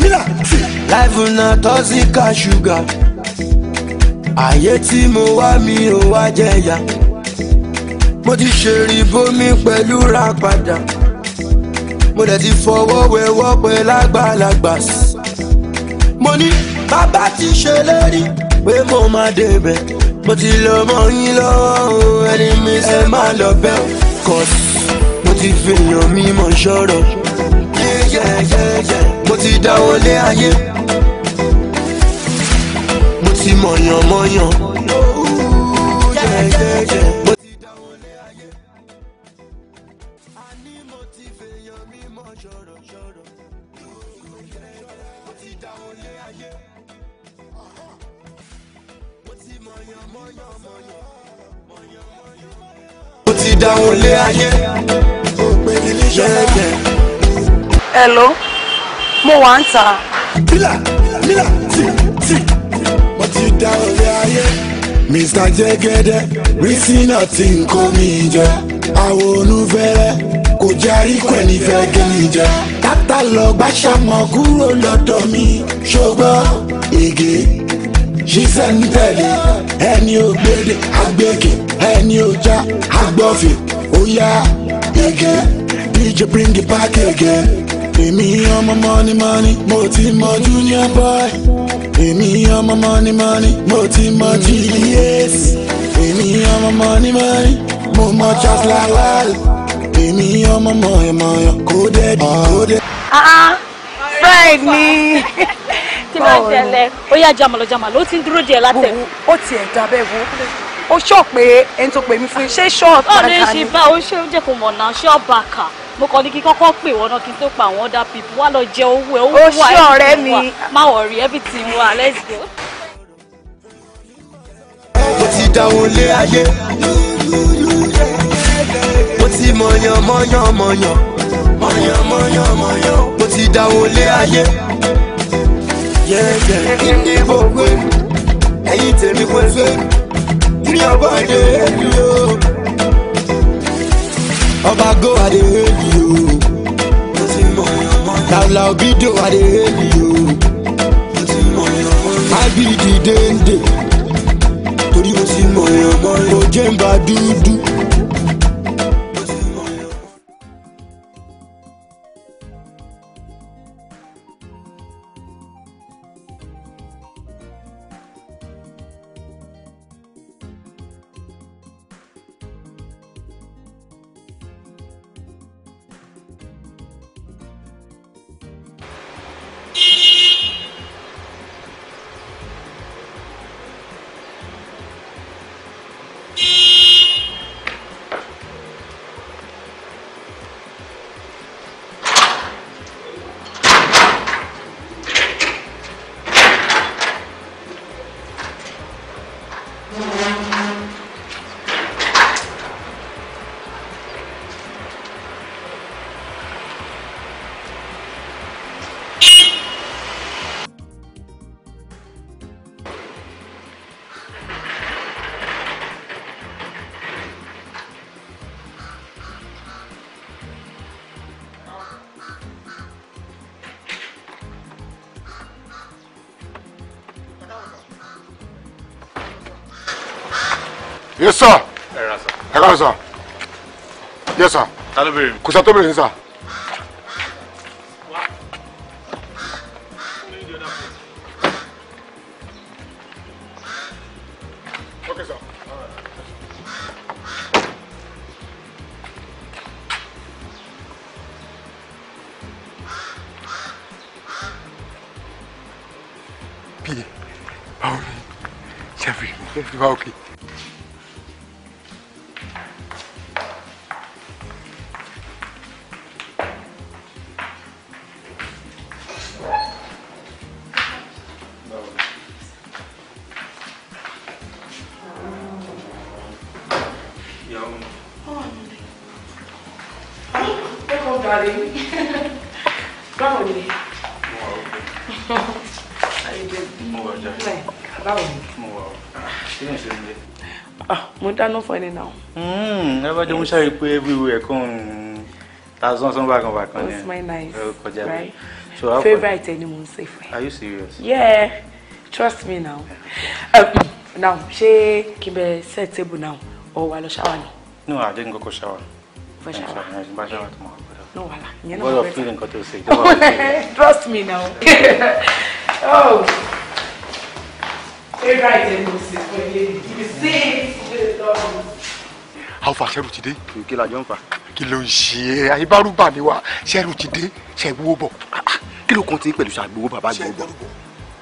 mila ti. life na toxic as sugar. ayé tí mo wá mi ò wá jẹyà. mo ti ṣe ribomi pẹ̀lú ra padà. mo dẹ̀ ti fọwọ́ wẹ̀wọ́ pẹ̀ lágbàlagbà sí mo ní bàbá ti ṣèlérí pé mo máa débẹ̀ mo ti lọ mọ yín lọ́wọ́ ẹni mi ṣe máa lọ bẹ́ ọ cause mo ti fèèyàn mi mọ̀ ṣọ́rọ̀ mo ti dáwọ́lé ayé mo ti mọ̀yàn mo ti dáhùn lé ayé yẹ́yẹ́. hello mo wà ń ta. bílà bílà tì tì mo ti dáhùn lé ayé mr jẹgẹdẹ rísínà tí n kó mi jẹ àwọn onúfẹrẹ kò jarí pẹ̀lú ìfẹ́ kí n jẹ kátà gbàṣà mọ kúrò lọ́dọ̀ mi ṣùgbọ́n ègé ṣiṣẹ́ ń tẹ̀lé ẹni ògbédè agbèkè ẹni ọjà agbọ́fẹ̀ óyá ege dj bring it back again. èmi ọmọ mọ́ni mọ́ni mo ti mọ junior boy èmi ọmọ mọ́ni mọ́ni mo ti mọ gds èmi ọmọ mọ́ni mọ́ni mo mọ charles lawal èmi ọmọ mọ̀ọ́yọ̀mọ̀ọ́yọ̀ kó dẹ́ẹ̀dì kó dẹ́ẹ̀dì. ah ah fred ni. kí ló ń ṣẹlẹ̀ ó yá jamalo jamalo ó ti ń dúró díẹ̀ látẹ̀. ó tiẹ̀ dábẹ́ wo ó ṣọ́ pé ẹni tó pè mí fún ṣé ṣọ́ọ̀bù àkà ni. ọ̀nà ìṣìbá ó ṣe oúnjẹ kò mọ̀ náà ṣọ́ọ̀bù àkà mo kàn ní kí kọ́kọ́ pè wọ́n náà kí n tó pa àwọn other people wá lọ jẹ owó ẹ̀ owó wà ẹ̀ ọ̀rẹ́ mi má worry everything let's go. mo ti dáwọ́ lé ayé mo ti mọ̀yàn mọ̀yàn mọ̀yàn mọ̀yàn mọ̀yàn mọ̀yàn mo ti dáwọ́ lé ayé jẹ́jẹ́ kí ni mo gbé ẹ̀yìn tèmi kò ṣe kí ni ọba dé ẹ̀mí o. ọba go adé ẹ̀mí o. làwùlàwù bídò adé ẹ̀mí o. ábìdì déndé torí mo sì mọ̀ ẹ̀yàn mọ́ lọ jẹ́ ń dúdú. yes sir. ẹ ra sir. ẹ sir. yes sir. ta ló béèrè mi. kò sá tó béèrè ní sir. Báwo ni? Ṣé fi ìwà darling. Báwo ni? Báwo ni? Ah, mo dáná fún ẹni náà. Lábàjọ́ hmm, mo ṣàrí pé everywhere kan thousand some bakan bakan ni. That's my nice. Kọjá bẹ́ẹ̀. So how Favorite ẹni mo ń ṣe fún Are you serious? Yeah, trust me now. Um, now ṣé kí n bẹ set table now or wà lọ ṣáwà ni? No, I didn't go go shower. For shower. Yeah, shower. Yeah, shower tomorrow no wàhálà ìyẹn náà wọ́n fílì nǹkan tó ṣe trust me now oh ṣé right ẹ̀ ló ṣe fún ẹ you see àwọn fàṣẹrù ti dé. kí la jọ ń fa. kí ló ń ṣe é àyíbárúbà ni wa ṣẹrù ti dé ṣẹgbówó bọ. kí ló kàn ti pẹ̀lú ṣàgbówó bàbá gbogbo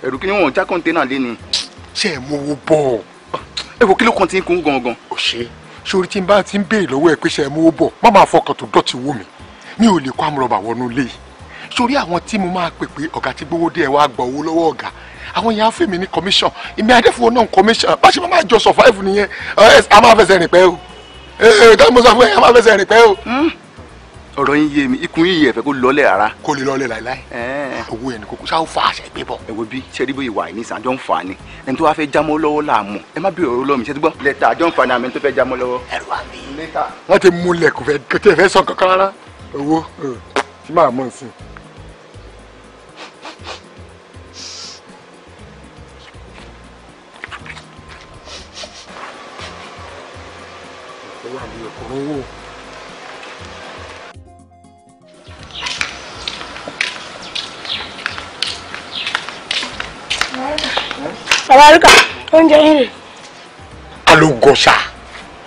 ẹ̀rù kí ni wọ́n já kọ́ńténà lé ni. ṣe é mowó bọ̀. ẹ wo kí ló kàn ti kún gangan. ò ṣe sori tí n bá ti ń béèrè lọ́wọ́ ẹ pé ṣe é mowó bọ̀ má máa fọkàn tó dọ̀tí wò mí mi ò lè kó amúrọ̀bà wọnú ilé yìí sórí àwọn tí mo máa pè pé ọ̀gá tí gbowó dé ẹ̀ wá gbà owó lọ́wọ́ ọ̀gá àwọn yẹn á fún mi ní commission ìmí adéfowó náà commission bá ṣe máa máa jọ survive nìyẹn a máa fẹsẹ̀ rìn pẹ́ o ká mo fún ẹ a máa fẹsẹ̀ rìn pẹ́ o. Hmm? ọ̀rọ̀ yín yé mi ikùn yín yẹ fẹ́ kó lọ́lẹ̀ rárá. kó lè lọ́lẹ̀ láìláì owó ẹni kókó ṣáà ó fa àṣẹ gbé bọ̀. ẹ wo bí sẹ́rí bóyá ìwà ìní ìsàjọ́ ń fa ni ẹni tó wá fẹ́ jámọ́ lọ́wọ́ là á mọ̀ ẹ má bí ọ̀rọ̀ lọ́mí ṣe lẹ́tà àjọ ń fa ni àmì tó fẹ́ jámọ́ lọ́wọ́. ẹ̀rọ àmì. lẹ́tà. wọ́n ti múlẹ̀ kò fẹ́ sọ kankan rárá owó eh, tí màá mọ̀ sí. ọkùnrin wò. Bàbáríkà, oúnjẹ yín rè. Alógọ́ṣà,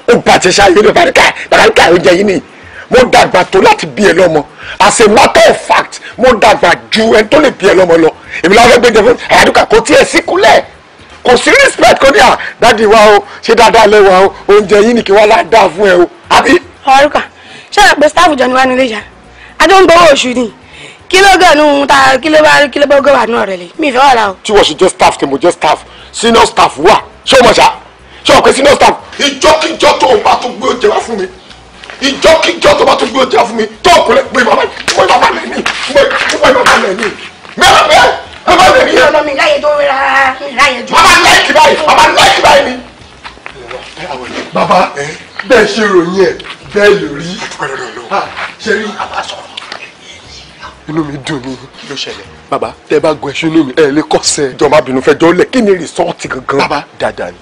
ó bàtẹ́ṣà yín rè bàbáríkà, bàbáríkà oúnjẹ yín nìyí mo dàgbà tó láti bí ẹ lọ́mọ as a matter of fact mo dàgbà ju ẹni tó lè bí ẹ lọ́mọ lọ èmi làwọn ẹgbẹ́ jẹfẹ́ àyàdúkà kò tiẹ̀ síkúlẹ̀ kò sí respect kò ní à ah, dáàdi wa o ṣé dáadáa lẹ́wà o oúnjẹ yín ni kí wọ́n lá dáa fún ẹ o àbí. ọ̀rùkà ṣé àpè staff jọ ni wà nílé yá adó ń gbowó oṣù ni kí ló gẹ̀ nù ta kí ló bá kí ló bá gẹ̀ wà nù ọ̀rẹ́ lè mi ìfẹ́ wà lá tí wọ́n ṣe jẹ́ staff tí mo jẹ́ staff senior staff wà ṣé o mọ̀ ṣá ṣé o pè senior staff ìjọ́kíjọ́ tó o bá tó gbé oúnjẹ wá fún mi ìjọkíjọ tó bá tún gbé ọjà fún mi tó kúnlẹ̀ pé bàbá pé bàbá lè ní pé pé bàbá lè ní mẹ́rẹ̀ mẹ́rẹ̀ bàbá lè ní. ọmọ mi láyé tó rárá mi láyé tó. bàbá láìkì báyìí bàbá láìkì báyìí ni. bàbá bẹ́ẹ̀ ṣe ròyìn ẹ̀ bẹ́ẹ̀ ló rí. Ah, ṣe rí inú mi dùn ni. ló ṣẹlẹ̀. bàbá tẹ bá gun ẹṣin inú mi ẹ lè kọsẹ̀. jọba bínú fẹ́ jọ lẹ kí ni rìsọ́ọ̀tì gangan. bàbá dáadáa ni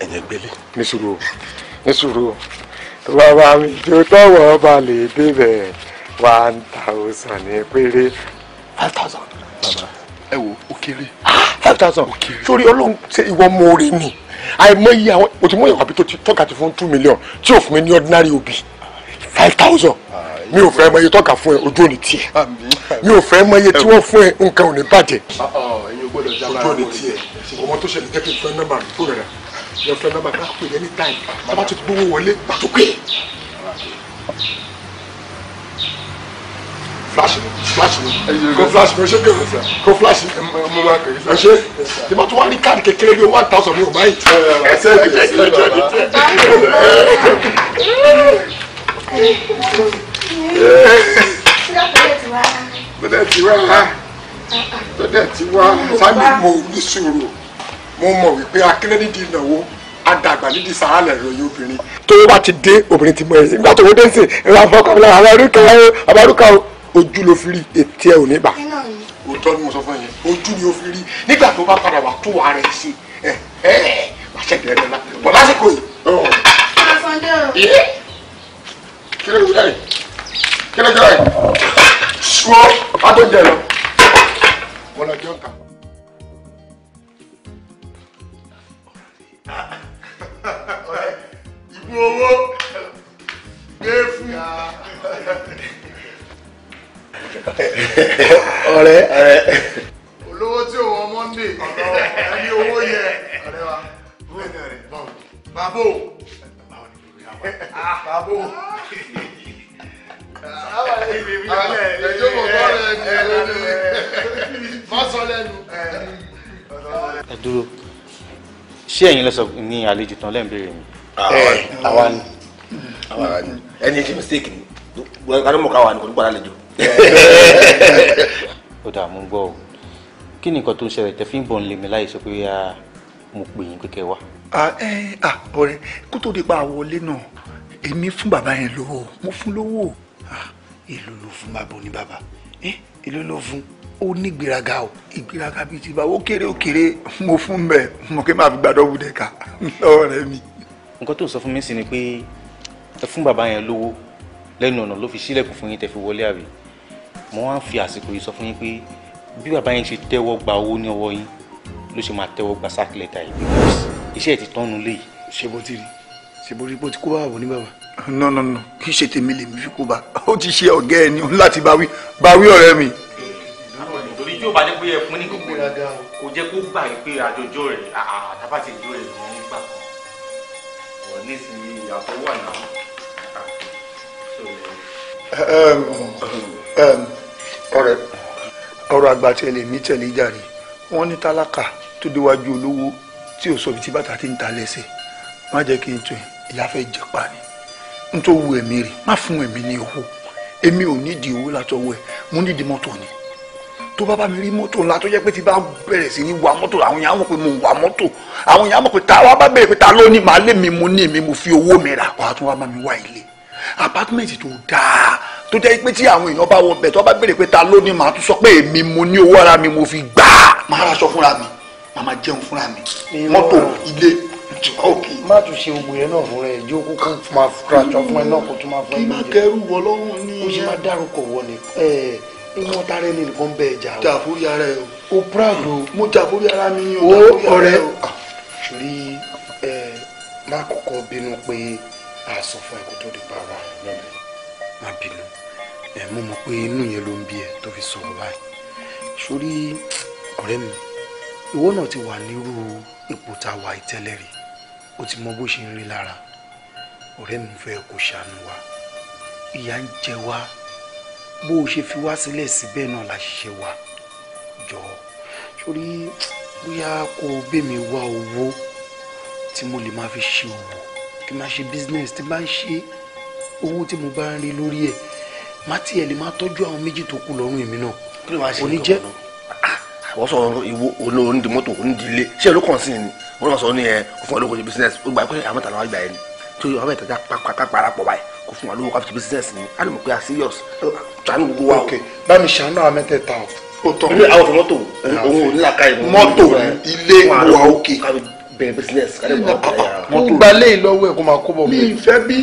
ẹ̀yẹ̀ gbélé. ní sùúrù o ní sùúrù o tó jó tọ́wọ́ bá lè débẹ̀ one thousand ní péré five thousand. bàbá ẹ wo ó kéré. Ah, five thousand sórí ọlọ́run ṣe ìwọ mọ̀ọ́rẹ́ mi àìmọye àwọn òtún mọ̀ọ́yẹ̀ wàbí tó ti tọ́ka ti fún two million tí ò fún mi ní ordinary òbí five thousand mi ò fẹ́ mọ iye tọ́ka fún ẹ ojú òní tiẹ̀ mi ò fẹ́ mọ iye tí wọ́n fún ẹ nǹkan ò ní bàjẹ́ ah, ah, ojú òní tiẹ̀ ọmọ tó ṣẹlẹ̀ jẹ́ kí n fẹ́ nọ́mbà mi kúrò rẹ̀ your phone number ká pè any time bàbá tó ti gbówó wọlé bàbá tó flash mi flash mi ko flash mi o ṣe kéwòn sa ko flash mi mo ma kò yí sa o ṣe tí ma tún wá ní káàdì kékeré bíi one thousand mi ò báyìí. ẹsẹ ẹjẹ ẹjẹ ẹjẹ ẹjẹ. tó dẹ̀ ti wá tó dẹ̀ ti wá sábì mo ní sùúrù mo mọ̀ wípé akílẹ̀ ìnáwó adàgbà nídìí sàálẹ̀ ìròyìn obìnrin. tó bá ti dé obìnrin ti mọ ẹ̀sìn nígbà tó wọ́n dé sìn ẹ̀rọ àfọkànlá àwọn arúgbó àwọn arúgbó ojú ló fi rí etí ẹ̀ ò ní bà. òótọ́ ni mo sọ fún yẹn ojú ni ó fi rí nígbà tó bá padà wà tó wà rẹ̀ ṣe ẹ̀ ẹ̀ wàṣẹ bẹ̀rẹ̀ la bọ̀ lásìkò yìí. kí ló ń jẹ́ yìí kí ló yìí sùọ́ adó jẹ lọ. mo lọ jẹun kan. ìbú owó gbé fún. ọ̀rẹ́ ọ̀rẹ́. ṣé ẹ̀yin lẹ́sọ̀ ní àlejò tán lẹ́ǹbẹ̀rẹ̀ mi. Eh, àwa ni àwa ni ẹni ṣe mistake ni arámọ̀ká wa ni kò ní gbàdá àlejò. ó dà mú gbọ́ o kí ni nǹkan tó ń ṣẹlẹ̀ tẹ́ fi ń bọ̀ ń lé mi láì sọ pé mo pè yín kékeré wa. ọ̀rẹ́ kó tó di pa àwọlé náà èmi fún bàbá yẹn lówó mo fún lówó èlò ló fún bàbá oní bàbá èlò ló fún ó ní ìgbéraga o ìgbéraga bíi ti bá ó kéré ó kéré mo fún bẹ mo kí n máa fi gbàdọ̀ wù dẹ́ka lọ́wọ́ rẹ mi. nǹkan tó ń sọ fún mi sí ni pé ẹ fún bàbá yẹn lówó lẹ́nu ọ̀nà ló fi sílẹ̀kùn fún yín tẹ́ fi wọlé àbí mo wá ń fi àsìkò yìí sọ fún yín pé bí bàbá yẹn ṣe tẹ́wọ́ gba owó ní ọwọ́ yín ló ṣe máa tẹ́wọ́ gba sákìlẹ̀tà yìí iṣẹ́ ẹ̀ ti tọ́nu lé yìí. ṣé bó ti rí ṣé bó no no no kì í ṣe tèmi lèmi fi kó bá ó ti ṣe ọ̀gá ẹni láti tí o bá jẹ́ pé ẹkún ní gbogbo kò jẹ́ kó gbà pé àjọjọ rẹ̀ àtàbà ti jó rẹ̀ ní gbà kan ọ̀ nísìnyí ìyàtọ̀ wà náà. ọ̀rẹ́ ọ̀rọ̀ àgbà tí ẹ lè mí tẹ̀lé jàre wọ́n ní tálákà tó déwájú olówó tí ò sọ ibi tí bàtà ti ń ta lẹ́sẹ̀ má jẹ́ kí n tún ìyá fẹ́ jẹ pa ni n tó wu ẹ̀mí rẹ̀ má fún ẹ̀mí ní owó èmi ò nídìí owó látọwọ́ ẹ̀ mo nídìí mọ́tò ni tó bá bá mi rí mọ́tò ńlá tó jẹ́ pé ti bá bẹ̀rẹ̀ sí ní wa mọ́tò àwọn èèyàn mọ̀ pé mo wa mọ́tò àwọn èèyàn mọ̀ pé táwa bá bẹ̀rẹ̀ pé ta ló ní màá lé mi mo ní mi mo fi owó mi rà wàá tún wá bá mi wá ilé apátímẹ̀ntì tó dáa tó jẹ́ pé tí àwọn èèyàn bá wọ bẹ̀ tó bá bẹ̀rẹ̀ pé ta ló ní màá tún sọ pé èmi mo ní owó ara mi mo fi gbà á màá raṣọ fúnra mi màá máa jẹun fúnra mi mọ́tò ilé má tún ṣe ogun yẹn náà fún rẹ ìjó kúkú máa raṣọ fún ẹ náà kó tún máa fún ẹ méje kí má kẹrù wọ lọ́wọ́ ní. ó ṣe má dárúkọ wọ nìkan ìwọ tara ẹni nìkan bẹ ẹja o. jàforí ara ẹ o. o proud o. mo jàforí ara mi o. o ọ̀rẹ́ ah, sori ẹ má kọ́kọ́ bínú pé a sọ fún ẹ kó tó di pa wa má bínú ẹ mú mọ̀ pé inú yẹn ló ń bí ẹ tó fi sọ̀rọ̀ báyìí sori ọ̀rẹ́ mi ìwọ náà ti wà nírú ipò tá a wà tẹ́lẹ̀ rí o ti mọ bó ṣe ń rí lára ọ̀rẹ́ mi fẹ́ kó ṣàánú wa ìyà ń jẹ wá bó o ṣe fi wá sílẹ̀ síbẹ̀ náà la ṣiṣẹ́ wa jọ sórí bóyá kó o bẹ̀ mí wá owó tí mo lè máa fi ṣe òwò kí n máa ṣe business tí n bá ń ṣe owó tí mo bá ń rí lórí ẹ̀ má tiẹ̀ lè máa tọ́jú àwọn méjì tó kù lọ́rùn èmi náà oníjẹ́ àwọn ah, ah, sọ ìwo olórin di mọ́tò òní di ilé ṣé ló kàn sí ni wọ́n lọ sọ ní ẹ fún ọlọ́kùnrin business ó gbà pé àwọn tàlàwà gbà ẹ ni tó yọ ọbẹ̀ tẹ̀jà pàpàpàpà parapọ̀ báyìí kó fún wa lówó ká fi ṣe business ni a lè mọ̀ pé a serious ṣàánú gbogbo wa. ok bá mi ṣàánú àwọn mẹ́tẹ̀ẹ̀ta o. o tọ́ mi àwọn fún mọ́tò òun ò ní làkà ìmọ̀ mọ́tò ilé wa òkè. ká bẹ̀rẹ̀ business ká lè mọ̀ ká yàrá. mo gba lé ìlọ́wọ́ ẹ̀ kó máa kó bọ̀ mi. mi fẹ́ bí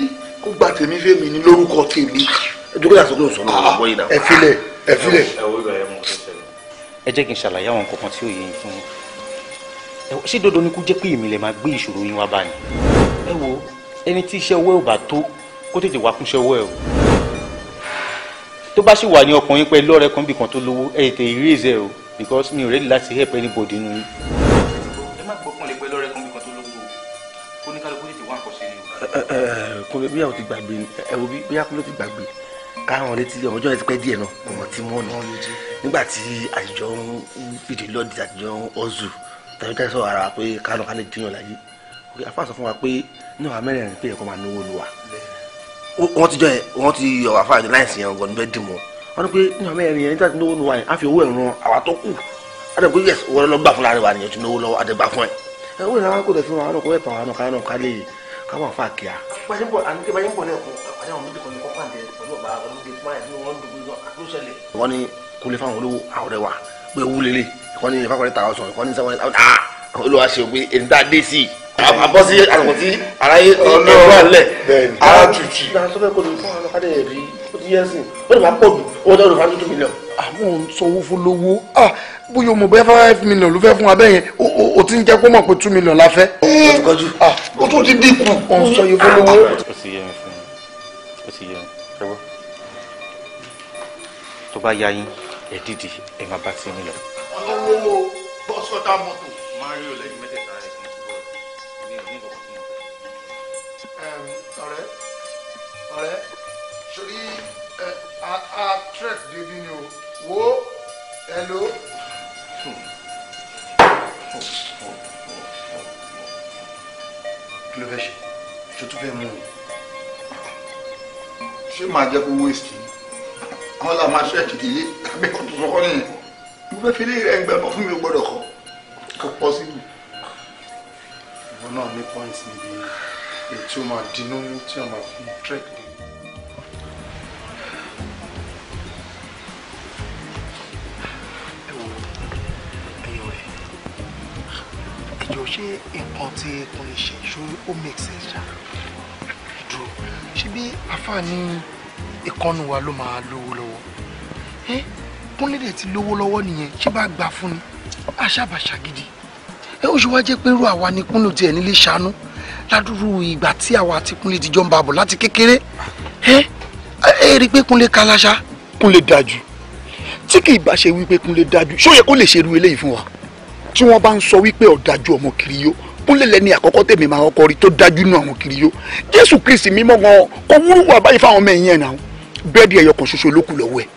kó gba tèmi fẹ́ mi ní lórúkọ tèmi. Ah, ẹjọ́ yà sọ́kùn sọ́nà ọ̀bọ̀ yìí náà. ẹ filẹ̀ ẹ filẹ̀. ẹ jẹ́ kí n ṣàlàyé àwọn nǹkan kan tí ò yé yín fún yín ṣé dandan ni kó jẹ́ pé èmi máa gbé ìṣòro yín wá báyìí ẹ wo ẹni tí iṣẹ́ owó ò bá tó kó tètè wá kúnṣẹ́ owó ẹ̀ o tó bá sì wà ní ọkùnrin pẹ́ lọ́rẹ́ kan bìkan tó lówó ẹ̀ tètè erase ẹ̀ o because mi ò ready láti help anybody nínú yín. ẹ má gbọ́kàn lè pẹ́ lọ́rẹ́ kan bìkan tó lówó kó ní kálukú tètè wá nǹkan ṣe ni o. kúnlẹ̀ bí àwọn ti gbàgbé ẹ wo bí bí akúnlẹ̀ ti gbàgbé káwọn létí ọjọ́ yẹn ti pẹ́ díẹ̀ náà ọmọ tí mọ́ náà nígbà tí àjọ ń fìdí lọ́ọ̀dì àjọ ń ọ̀zù tàbí ká sọ ara pé kánú ká lè dín yàn láyé àfa sọ fún wa pé ní àwọn amẹ́rẹ̀ẹ́rin pé ẹ̀kọ́ máa náwó lu wa wọ́n ti jọ yẹn wọ́n ti yọ àfa àjọ láìsí yẹn ọgọ́ níbẹ̀ dì mọ́ wọ́n ní pé ní àwọn ẹ̀rìn yẹn níta tí lówó wà yẹn á fi owó ẹ̀ràn àwa tó kù àdàbò yẹs wọ́n lọ gbà fún láàrin wa nìyẹn tí lówó lọ́wọ́ àdàgbà fún ẹ̀ ẹ̀ wọ́n ìlànà kò tẹ̀ fún wa àwọn ọkọ̀ ẹ̀pà wa náà káyọ̀ náà ká lè káwọn àfa kíá. báyìí bọ̀ àníkè báyìí bọ̀ lẹ́kùn àpàdé àwọn méjì kan ní kọ́kọ́ àti pẹ̀lú ọ̀bà ọlọ́gbẹ̀ tí wọ́n ń dùn ló ṣẹlẹ̀. wọ́n ní kúlẹ̀ fáwọn olówó àwọn ọ̀rẹ́ wa pé owó lélẹ̀ ìkọ́ni ìfakọ̀rẹ́ tàwọn sọ̀rọ̀ ìkọ́ni sáwọn ah, olówó àṣẹ ògbé èyí tá a dé sí i àbọ̀sí àsìkò tí aráyé ti ẹ̀rọ àlẹ̀ ara tutù. náà sọ fẹ́ kó ní fún àwọn ọ̀kadà rí ó ti yẹ sìn ó lè máa pọ̀ jù owó tó lè fà two million. àwọn ò ń sanwó fún lówó ah, bóyá o mọ̀ bóyá five million ló fẹ́ fún wa yẹn o ti ń jẹ́ kó mọ̀ pé two million la fẹ́. o ah, tún ti dínkù. ò ń sọ yìí fún lówó. ó sì yẹ mi fún mi ó sì yẹ mi ẹ gbọ́ tó bá yá yín ẹ dìde ẹ má bá ti mi lọ. ọlọ́wọ́ bọ́sọ̀tà mọ́tò actress débi ni o wo hello. kí ló fẹ́ ṣe ṣe tó fẹ́ mú un ṣé màá jẹ́ kó waste ni àwọn làwọn máa ṣẹ́ẹ̀kì délé àbí kan tó sọkọ́ nìyẹn mo fẹ́ fi léèrè ẹgbẹ́ ọmọ fún mi gbọ́dọ̀ kọ́ kò possible. ìwọ náà ní points níbi ètò máa dinú tí a máa fi trek dé. jọ ṣé nǹkan tí Kúnlé ṣe ìṣòro ó make sense ṣá dúró ṣé bí àfààní ìkànnì wa ló máa lówó lọ́wọ́ ẹ Kúnlé dẹ̀ ti lówó lọ́wọ́ nìyẹn ṣé bá gbà fún ni àṣàbàṣà gidi ẹ ó ṣe wá jẹ́ pé irú àwa ni Kúnlé ò tiẹ̀ nílé ṣàánú ládùúrú ìgbà tí àwa àti Kúnlé ti jọ ń bàbọ̀ láti kékeré ẹ ẹ rí i pé Kúnlé kalaṣa. Kúnlé dájú tí kì í bá ṣe wípé Kúnlé dájú ṣó yẹ kó lè ṣerú eléyìí fún wa tí wọ́n bá ń sọ wípé ọ̀dájú ọmọ Kiriyó kúnlẹ̀lẹ̀ ni àkọ́kọ́ tèmi máa kọ́kọ́ rí tó dájú nù àwọn Kiriyó Jésù Kristi mímọ́ gan kó wúrú wà báyìí fáwọn ọmọ ẹ̀yìn ẹ̀ náà bẹ́ẹ̀dì ẹ̀yọ kan ṣoṣo ló kù lọ́wọ́ ẹ̀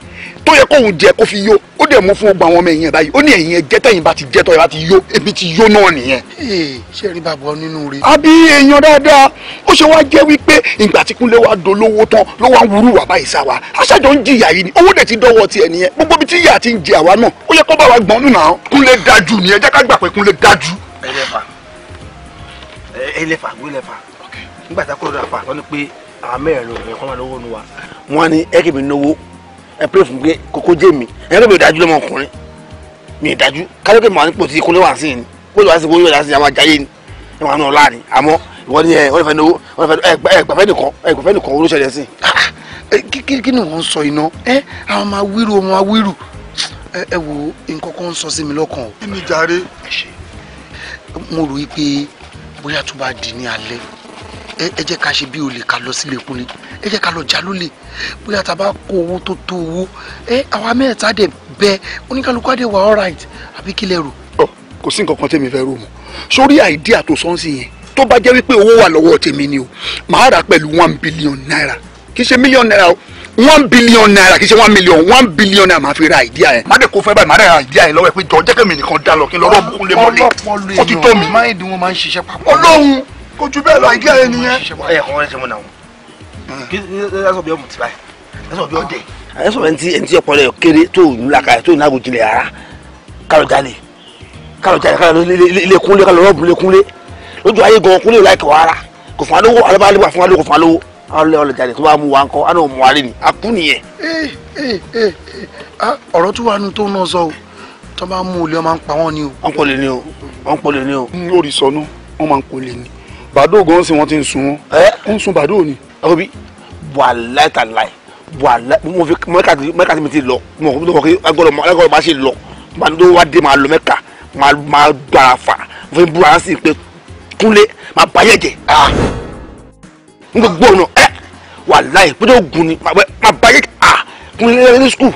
tó yẹ kóun jẹ kó fi yó ó dẹ̀ mú fún gbogbo àwọn ọmọ ẹ̀yìn ẹ̀ báyìí ó ní ẹ̀yìn ẹ̀ jẹ́ tẹ̀yìn bá ti jẹ́ tọ́ ẹ̀ bá ti yó ebi ti yó náà nìyẹn. ee ṣe rí bàbá nínú rẹ. àbí èèyàn dáadáa ó ṣe wá jẹ́ wípé ìgbà tí Kúnlé wá dolówó tán ló wá wúrú wà báyìí sá wa aṣáájọ ń jìyà yìí ni owó dẹ̀ ti dọ́wọ́ tiẹ̀ nìyẹn gbogbo ibi tí ìyá ti ń jẹ àwa náà ó yẹ kó bá wa gbọ́n nùnà án kúnlẹ̀ dájú ni ẹ jẹ́ ká gbà pé kúnlẹ̀ dájú. ẹlẹ́fà ẹlẹ́fà gbẹ́lẹ́fà nígbà tá a kúrò lọ́dọ̀ àpá wọ́n ní pé àwọn mẹ́rin ló ń kọ́ máa lówó nu wa. wọ́n á ní ẹ kì mí náwó ẹ pé fún pé kókó jẹ́ mi ẹ kì mí dájú lọ́mọ ọkùnrin mi ì dájú kájọ́ kí mo wà nípò tí kúnlẹ̀ wà sí ni kúnlẹ̀ wà sí kúnlẹ̀ wà sí àwọn àjáyé ni ẹ wà ní ọ̀la ni àmọ́ wọ́n ní ẹ wọ́n fẹ́ ní owó wọ́n fẹ́ ẹ gbàfẹ́ nìkan ẹ gbàfẹ́ nìkan owó ṣẹlẹ̀ sí i ah, ah, kí ni wọ́n sọ iná ẹ àwọn máa wíru ọmọ máa wíru ẹ wo nǹkan kan ń sọ sí mi lọ́kàn o. kí ni jàre. mo rò yí pé bóyá tó bá di ní alẹ́ ẹ jẹ́ ká ṣe bí olè ká lọ sílé kúnlé ẹ jẹ́ ká lọ jà lólè bóyá tá a bá kó owó tó tó owó ẹ àwa mẹ́ta dẹ̀ bẹ oníkálukú á wà all right àbí kí lẹ rò. kò sí nǹkan kan tẹ́mi fẹ́ rò mọ́ sórí àìdíà tó yẹn tó bá jẹ́ wípé owó wà lọ́wọ́ tèmi ni o màá rà pẹ̀lú one billion naira kì í ṣe million naira o one billion naira kì í ṣe one million one billion naira màá fi ra ìdí àyẹn. má dé kó fẹ́ báyìí má dé ra ìdí àyẹn lọ́wọ́ ẹ pé jọ jẹ́ kẹ́mi nìkan dá lọ kí n lọ rọ́ọ̀bù kúnlẹ̀ mọ́lẹ̀ ó ti tó mi. máa ń dín wọn máa ń ṣiṣẹ́ papọ̀. ọlọ́run kò ju bẹ́ẹ̀ lọ ìdí àyẹn nìyẹn. ẹ kàn wọ́n ṣe mọ́ náà kí ẹ sọ bí ọmọ ti báyìí ẹ sọ bí ọdẹ. ẹ sọ ẹni tí ẹni tí ọpọlọ kéré tó nílaka tó nílágojìlẹ̀ ara kálọ̀ jalè kálọ̀ jalè kálọ̀ lé lójú ayé gan kúlẹ̀ láìkẹ́ wa rà kò fún wa lówó alábàálẹ̀ wà fún wa lówó fún wa lówó alẹ́ ọlọ́jàde tó bá mú wa ńkọ́ àná mú wa rí ni a kú nìyẹn. Eh, eh, eh, ah, ọ̀rọ̀ tó wà nù tó náà sọ o tó bá mú olè máa ń pa wọ́n ni o. wọ́n kò lè ní o wọ́n kò lè ní o. n lórí sọnù wọ́n máa ń kò lè ní. bàdó gan sí wọn ti ń sun wọn. ẹ ń sun bàdó ni. ọkọ bí wàláì tàláì wàláì mo fi mẹ́ka tí mi ti lọ mo kò kí agbọ́dọ̀ máa ṣe lọ bàdó wa dé máa lọ mẹ́ka máa gbàrà fà mo fi búra sí kúnlé máa bá yẹ̀jẹ̀ ah n gbogbo ọ̀nà ẹ wàláhì gbọ́dọ̀ ògùn ni máa bá yẹ̀jẹ̀ ah kúnlé ní skul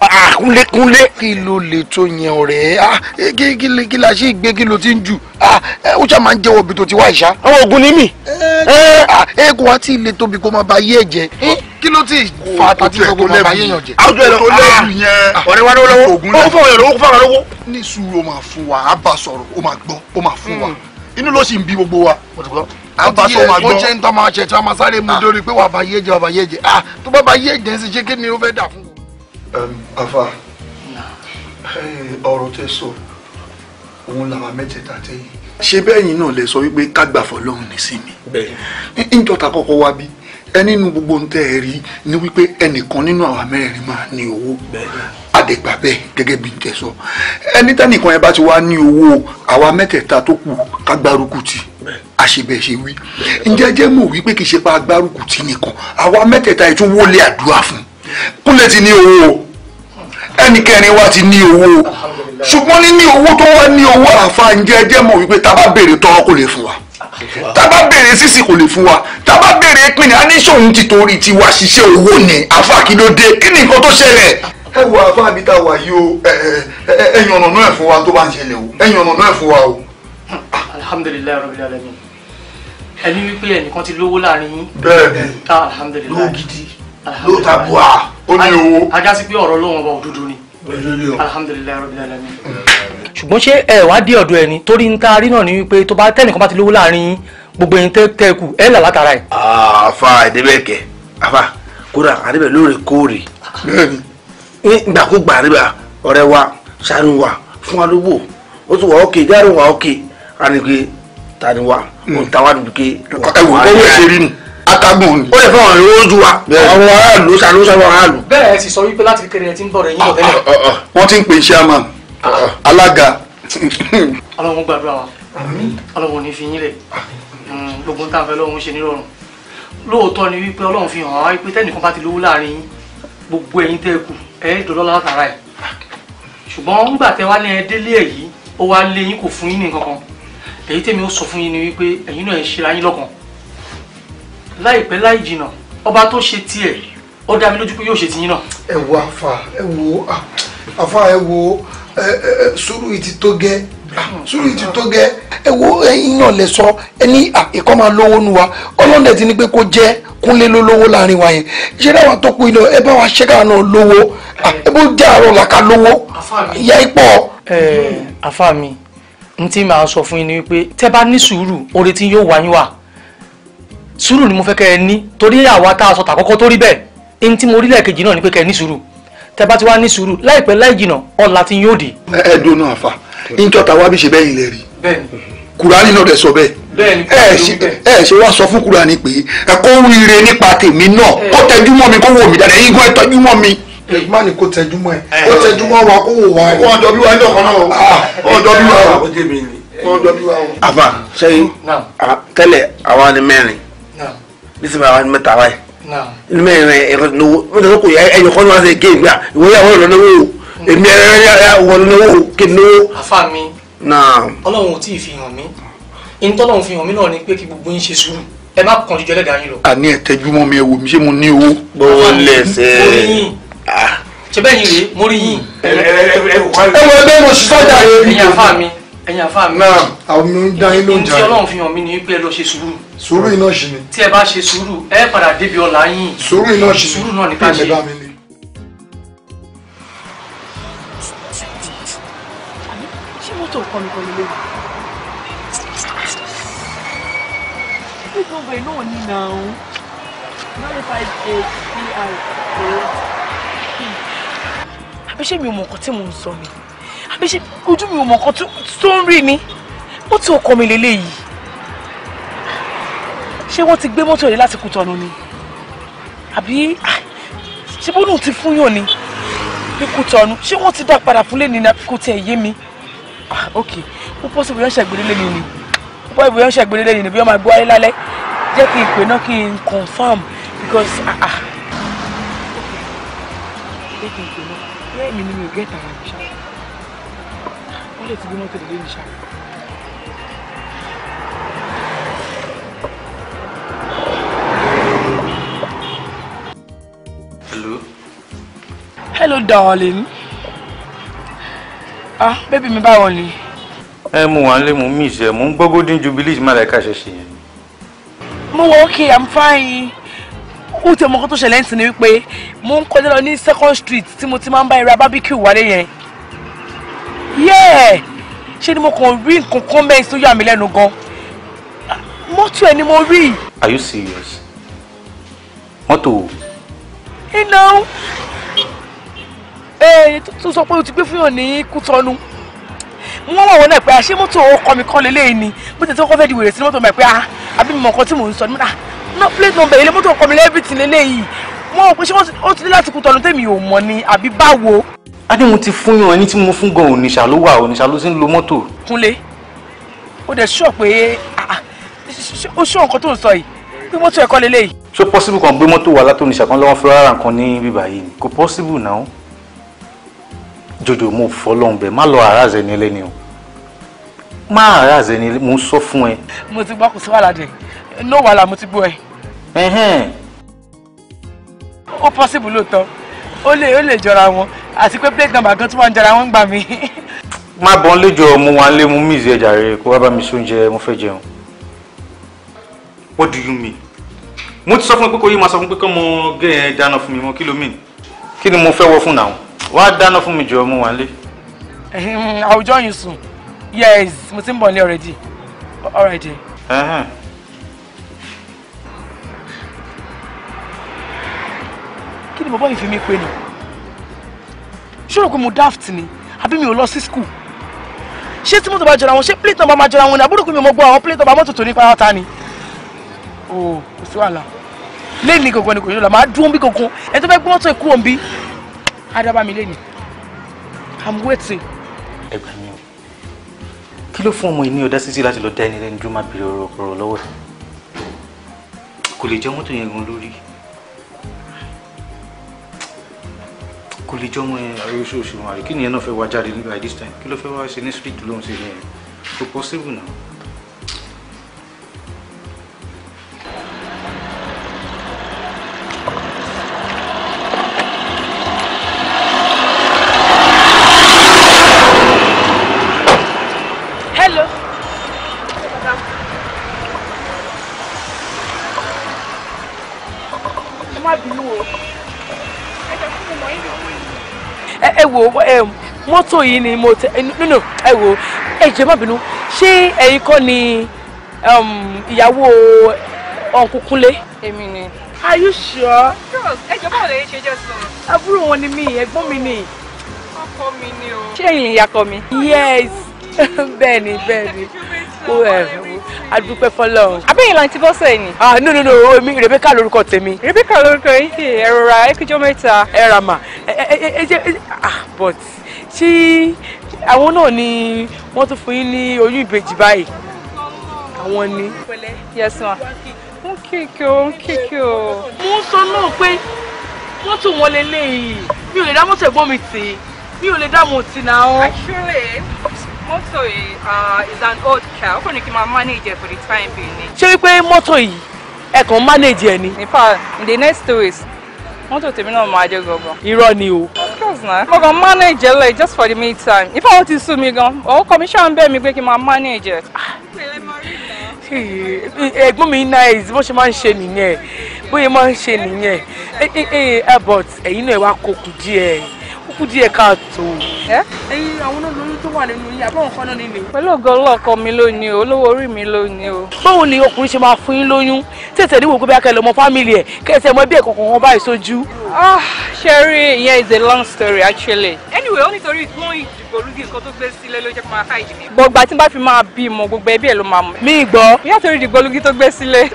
ah kúnlé kúnlé. kí ló lè tó yẹn ọ̀rẹ́ ah eh, kí kí kí la ṣe gbé kí ló ti ń jù ah eh, ó ṣáà máa ń jẹ́wọ́ bí tó ti wá ìṣá. àwọn ògùn ni mí. ẹ eh, ẹ ah, kò wá tí ilé tóbi kó máa bá yé ẹ̀jẹ̀ kí ló ti fa àtàtì sọ pé máa bá yéèyàn jẹ. àwọn tó lẹ́rù ah, yẹn ọ̀rẹ́ wa lówó lówó ó fọwọ́ yẹn lówó ó fọwọ́ yẹn lówó. ní sùúrù o máa fún wa á bá sọ̀rọ̀ ó máa gbọ́ o máa fún wa. Hmm inú ló sì ń bí gbogbo wa. àbáṣọ máa gbọ́ ó jẹ́ ń tọ́ máa ṣe tí wọ́n máa sáré mu ah. dórí pé wà bá yé jẹ wà bá yé jẹ ah tó bá bá yé jẹ sí ṣé kí ni ó fẹ́ dà fún. afa ọ̀rọ̀ tẹ sọ òun làwa mẹ́tẹ̀ẹ̀ta tẹ́yìn. ṣé bẹ́ẹ̀ yín náà lè sọ wípé ká gbà fọlọ́run ní sí mi. bẹ́ẹ̀ ní ìjọta kọ́kọ́ wá bí ẹ nínú gbogbo ń tẹ́ ẹ rí ni wípé ẹnìkan nínú àwa mẹ́rin máa ní owó àdègbà bẹ́ẹ̀ gẹ́gẹ́ bí n tẹ sọ ẹni tẹ́nìkan yẹn bá ti wá ní owó àwa mẹ́tẹ̀ẹ̀ta tó kù ká gbárùkù tì àṣebẹ̀ ṣe wí ǹjẹ́ jẹ́ mọ̀ wípé kì í ṣe pa agbárùkù tì nìkan àwa mẹ́tẹ̀ẹ̀ta yìí tún wọlé àdúrà fún kúnlẹ̀ ti ní owó o ẹnikẹ́ni wa ti ní owó ṣùgbọ́n níní owó tó wá ní owó àfàǹjẹ jẹ́ mọ̀ wípé tá a bá kò lè fún wa tá a sísì kò lè fún wa tá a pínlẹ̀ aníṣòhun ti torí tiwa ṣiṣẹ́ owó ni àfa kí ló dé kí ni nǹkan tó ṣẹlẹ̀ ẹ wo àfáà bíi tá wà yìí o ẹyin ọ̀nà náà fún wa tó bá ń ṣẹlẹ̀ o ẹyin ọ̀nà náà fún wa o. alhamdulilayi rabbil alamin ẹni wípé ẹnìkan ti lówó láàrin yín. bẹ́ẹ̀ni lówó gidi ló ta bua ó ní owó. ajá sí pé ọ̀rọ̀ lọ́wọ́ ọba òdodo ni alhamdulilayi rabbil alamin. ṣùgbọ́n ṣé ẹ wá dé ọ̀dọ̀ ẹni torí ń ta rí náà ni wípé tó bá tẹ́nìkan bá ti lówó láàrin gbogbo ẹni tẹ́ tẹ́ kù ẹ là látara ẹ̀. Ah, àfa àdébẹ̀kẹ̀ àfa kódà àdébẹ̀ lóòrèkóòrè ìgbàkúgbà àdébẹ̀ ọ̀rẹ́ wa ṣàánú wa fún wa lówó ó tún wà ókè jáde wà ókè àníkè tani wa òǹtàwá nìké. ẹ ó ṣe rí nù akagun ni. ó lè fọwọ́n rẹ ó ju wa àwọn aráàlú sa ló sábà aráàlú. bẹ́ẹ̀ sì sọ wípé láti kékeré ẹ ti ń bọ̀rẹ̀ yín ọ̀tẹ́lẹ̀. wọ́n ti ń pè chairman ah. alága. ọlọ́run gbàdúrà wa ọlọ́run ò ní fi yín lẹ̀ mm, gbogbo nǹkan àfẹ́ lọ́run ṣe nírọ̀rùn lóòótọ́ ni wípé ọlọ́run fi hàn wá wípé tẹ́nìkan bá ti lówó láàrin yín gbogbo ẹ̀yin tẹ́ kù ẹ̀ dọ́lọ́lá látara ẹ̀ ṣùgbọ́n láìpẹ́ láì jìnà ọba tó ṣe tiẹ̀ ó dá mi lójú pé yóò ṣe tiyín náà. ẹ wo àfà ẹ wo àfà ẹ wo ti tó ti tó ẹ wo ẹ̀yin náà lè sọ ẹni wa ọlọ́dẹ ti ní pé kó jẹ kúnlé ló lówó láàrin wa yẹn ṣé dáwà tó kú iná ẹ bá wa ṣẹ́ náà lówó ẹ bó jẹ́ làkà mi n tí màá sọ fún yín ni wípé bá ní sùúrù oore sùúrù ni mo fẹ́ kẹ́ ẹ ní torí àwa tá a sọ tàkọ́kọ́ tó rí bẹ́ẹ̀ ní tí mo rí lẹ́ẹ̀kejì náà ni pé kẹ́ ẹ ní sùúrù tẹ́ bá ti wá ní sùúrù láìpẹ́ láì jìnà ọ̀la ti yóò dé. ẹ ẹ dùn náà fà níjọ́ tàwa bí ṣe bẹ́ẹ̀ yìí lẹ rí kùránì náà dẹ̀ sọ bẹ́ẹ̀ ẹ ṣe wá sọ fún kùránì pé ẹ kó rire nípa tèmi náà kó tẹjú mọ́ mi kó wò mí dáadáa yín gan ẹ tọ́jú mọ́ mi ẹ̀gbọ́n kò tẹjú mọ́ ẹ kò tẹjú mọ́ wa kó wò wá ah, ẹ. wọ́n bí wa ẹ jọ̀kan náà wọ́n jọ bí wa wọ́n àfà sẹ́yìn ah, tẹ́lẹ̀ àwa ni mẹ́rin bísí ma wà ní mẹ́ta wáyé ní mẹ́rin ẹ̀rọ lówó mẹ́ta tó kù ẹ̀yọ̀ kọ́ ní wọ́n ṣe gé ìgbà ìwé àwọn ọ̀rọ̀ lówó o mm. èmi ẹ̀rọ yà wọ̀ lówó o kí n lówó. afa mi ọlọ́run ò tí ì fi hàn mí ìtọ́lọ́run fi hàn mí náà ni pé kí gbogbo yín ṣe sùúrù ẹ má kàn jíjọ lẹ́dàá yín lọ. àní ẹ tẹjú mọ́ mi ẹ wò mí ṣé mo ní owó. bọ́ọ̀lẹ̀ sẹ́ẹ̀ ṣe bẹ́ẹ̀ ni rèé mo rí yín. ẹ wọ ẹgbẹ́ mo ṣiṣẹ́ jà yẹn. ẹ̀yin àfa mi ẹ̀yin àfa mi. náà àwọn mi ń dán yín ló ń jà. ní tí ọlọ́run fi hàn mí ni pé ẹ lọ ṣe sùúrù. sùúrù iná ṣì ni. tí ẹ bá ṣe sùúrù ẹ padà débi ọ̀la yín. sùúrù iná ṣì ni sùúrù náà ní ká ṣe. ṣé mọ́tò kọ́ mi kọ́ nílé mi? bí gbogbo ẹ̀ náà ní náà nine five eight three i eight. Hmm. àbí mi ò mọ̀ nǹkan tí mò ń sọ mi? bí ṣe ojú mi ò mọ̀ kan tó ń rí ni mọ́tò ọkọ mi lélẹ́yìí ṣé wọ́n ti gbé mọ́tò rẹ̀ láti Kútọ̀nù ni àbí ah, ṣé bọ́nù ti fún yàn ni ní Kútọ̀nù ṣé wọ́n ti dá padà fún lẹ́ni ní kò tiẹ̀ yé mi ah, ok ó pọ́ sí ìbúyọ́nṣẹ́ gbélé lẹ́ni ni ó pọ́ ìbúyọ́nṣẹ́ gbélé lẹ́ni ni bí wọ́n máa gbọ́ ayé lálẹ́ jẹ́ kí n pè náà kí n confam because ah ah ok jẹ́ kí n pè náà bẹ́ẹ̀ mi ni mi ò gẹ́ta àwọn àbúṣá wọ́n lè ti gbé mọ́tò lé nìṣá. hello. hello darling. ah bébí mi báwo ni. ẹ mú wa lé mú mí ìṣe mú gbọ́ golden jubilee ìṣúná ẹ̀ka ṣẹ̀ṣẹ̀ yẹn. mo wọ ok i'm fine ó ti mọ kó tó ṣẹlẹ̀ ń sìn ní wípé mo ń kọjá lọ ní second street tí mo ti máa ń bá ira barbecue wálé yẹn yẹ́ẹ̀ ṣé ni mo kàn rí nǹkan comment tó yà mí lẹ́nu gan mọ́tò ẹ̀ ni mo rí. are you serious mọ́tò. iná ẹ eh, tó sọ pé o ti gbé fún yàn ní kútọ́nù wọ́n wọ̀ wọ́n náà pé àṣé ah, mọ́tò ọkọ mi kan lélẹ́yìn ni bó ti tẹ́ kọ́ fẹ́ di wèrè sí mọ́tò mi pé ah àbí mi mọ̀ nǹkan tí mò ń sọ ni mo ná plate number ilé mọ́tò ọkọ mi lẹ́ẹ̀bìtì lélẹ́yìn wọ́n wọ̀ pé ṣé ó ti dé láti kútọ́nù tẹ́mi ò mọ̀ ni àbí báwo adé mo ti fún yan ẹni tí mo fún gan oníṣà ló wà oníṣà ló ti ń lo mọ́tò. kúnlé ó dẹ̀ sọ pé ah, ah, ó sọ nǹkan tó ń sọ yìí pé mọ́tò ẹ̀kọ́ lélẹ̀ yìí. ṣé pọ́sibú kan gbé mọ́tò wà látò oníṣà kan lọ́wọ́ fún rárá ní bíbá yìí ni kò pọ́sibú náà jòjò mo fọ́ lọ́hùn bẹ́ẹ̀ má lọ àràzẹ́ ni ẹlẹ́ni o má àràzẹ́ ni mo sọ fún ẹ. mo ti gbọ́ kò sí wàhálà dẹ̀ no wàhálà mo ti gbọ́ ẹ. ó pọ́sibú lóòótọ́ ó lè ó lè jọra wọn àti pé plate number kan tí wọ́n ń jọra wọn gbà mí. má bọ́n léjọ mo wà lé mu mí ìzì ẹ̀jà rẹ kó wá bá mi sóúnjẹ mo fẹ́ jẹun. what do you mean? mo ti sọ fún mi pé kò yí máa sọ fún mi pé kọ́ mo gé ẹ dáná fún mi mo kí ló mean? kí ni mo fẹ́ wọ fún náà wá dáná fún mi jọ mo wà lé. I ehm, will join you soon yes mo ti ń bọ̀ ní already already. Uh -huh. kí ni bàbá yìí fi mí pé ni ṣé o rò pé mo daft ni àbí mi ò lọ sí school ṣé tí mọ́tò bá jọra wọn ṣé plate number máa jọra wọn ni àbúrò pé mi ò mọ gbọ́ àwọn plate number mọ́tò tó ní pátá ni o kò sí wàhálà lẹ́ẹ̀ni gangan ni kò yín lọ màá dúró bí gangan ẹ tó fẹ́ gbọ́ mọ́tò ẹ̀ kúrò adaba mi lẹ́ẹ̀ni i'm waiting. ẹ gbà o kí ló fún ọmọ yìí ní ọdá sísí láti lọ dá ẹni lẹ́nu dúró má bèrè ọ̀rọ̀ lọ́wọ́ kò lè jẹ́ mọ́tò yẹn gan lórí. kò lè jọmọ ẹ àríwíṣẹ òṣùwọn àrí kí nìyẹn náà fẹ́ wá jáde by this time kí ló fẹ́ wá ṣe ní street ló ṣe yẹn kò possible náà. mọ́tò yìí ni mo tẹ eh, nínú ẹ wo ẹ jẹ́ má bínú ṣé ẹ̀yin kọ́ ni um, ìyàwó ọ̀nkúnkúnlé. Eh, èmi ni. are you sure. girls ẹ jọ̀ọ́ báwo lè ṣe jẹ́ sọ. àbúrò wọn ni mí ẹ̀gbọ́n mi ni. ọkọ mi ni o. ṣé ẹ̀yin ìyàkọ mi. yes bẹ́ẹ̀ ni bẹ́ẹ̀ ni ó ẹ̀ adúpẹ́ fọlọ́run. abẹ́yìn lantí bọ́sẹ̀ ẹ̀ ni. ah no no no omi oh, Rebecca lórúkọ tèmi. Rebecca lórúkọ yìí ẹ̀rọra ẹ̀kújọ́ mẹ́ta. ẹ̀rọ àmà ẹ̀ ẹ̀ ẹ̀ ẹ̀ ah but tí àwọn náà ni wọ́n tún fún yín ní oyún ìbejì báyìí àwọn ni. yes ma wọ́n kéèké o wọ́n kéèké o. mo ń sọ náà pé mọ́tò wọn lélẹ́yìí mi ò lè dá mọ́tò ẹ̀gbọ́n mi tì í mi ò lè dá mọ́tò tì náà. actually mọ́tò yìí uh, is an old car ó kàn ní kí n máa manage ẹ̀ for the time being. ṣé wípé mọ́tò yìí ẹ kàn manage ẹ ni. in fact in the next two weeks mọ́tò tèmi náà máa jẹ́ gangan. irọ́ ni o house náà mo manage ẹ lẹ́yìn just for the meantime ìfẹ́ wọn ti sú mi gan òun commission bẹ́ẹ̀ mi pé kí n máa manage ẹ. Ah. ẹ̀gbọ́n mi nice bó ṣe máa ń ṣe nìyẹn bóyá máa ń ṣe nìyẹn eh, eh, eh, airport ẹ̀yin náà wá kókù díẹ̀ kókù díẹ̀ káàtó. ẹ̀yin àwọn olóyún tó wà nínú yìí àbáwọn kan náà nílé. pẹ̀lú ògo ọlọ́ọ̀kọ mi ló ní o olówó orí mi ló ní o. báwo ni ọkùnrin ṣe máa fún yín lóyún tètè níwò gbé bí akẹ́lẹ́ ọmọ fámìlì ẹ̀ kẹsẹ̀ ọmọ ẹbí ẹ̀ kọ̀ọ̀kan wọn báyìí sójú ah Sherry Yeah, it's a long story actually. anyway ó nítorí gbọ́n ìdìbò olùdí nǹkan tó gbé sílẹ̀ ló jẹ́ kó máa ká ìdìbò. gbọ̀gbà tí n bá fi máa bí mọ gbogbo ẹbí ẹ̀ ló máa mọ̀. mi gbọ́. ìyá torí ìdìbò olùdí tó gbé sílẹ̀.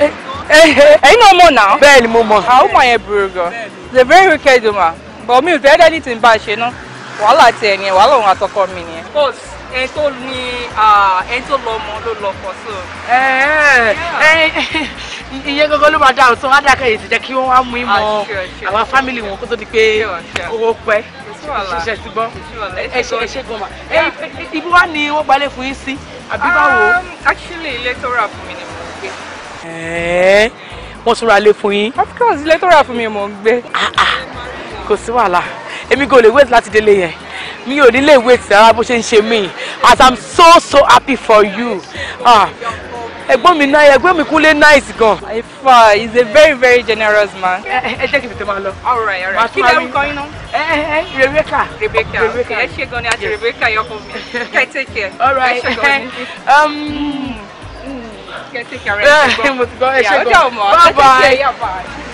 Eh, eh, eh, ẹ̀yin náà mọ̀ náà. bẹ́ẹ̀ ni mo mọ̀. àwọn ah, ọmọ yẹn burú gan. it's a very wicked woman but mi ò fẹ́ dẹ́ni tí n bá ṣe ná wàhálà tiẹ̀ nìyẹn wàhálà òun ẹni tó ní ẹni tó lọ ọmọ ló lọ ọkọ so. ìyẹn gọ́gọ́ ló máa dá àwọn wá dákẹ́ yìí ti jẹ́ kí wọ́n wá mú ìmọ̀ ah, àwọn fámìlì wọn kó tó di pé owó pẹ́ ṣiṣẹ́ ti gbọ́ ẹ ṣe gan ma ibi wá ni wọ́n gbalẹ̀ fún yín sí àbí báwo. Um, actually ilé tó rà fún mi ni mo gbé. wọ́n tún ra ilé fún yín. of course ilé tó rà fún mi mo gbé. Ah, ah, kò sí wàhálà èmi kò lè wait láti délé yẹn mi ò ní lè wait rárá bó ṣe ń ṣe mí as i'm so so happy for you ah ẹ̀gbọ́n mi náà ẹ̀gbọ́n mi kúnlé nice gan. ifa he is a very very generous man. ẹ jẹ́ kí n tètè máa lọ. all right all right kí lẹ́rù kan iná. rebecca rebecca rebecca ẹ ṣe gan ni àti rebecca yọkọ mi kẹ́ take care. all right ẹ um, mm, mm, take care ẹ ṣe gan. mo ti gbọ́ ẹ ṣe gan. bye bye.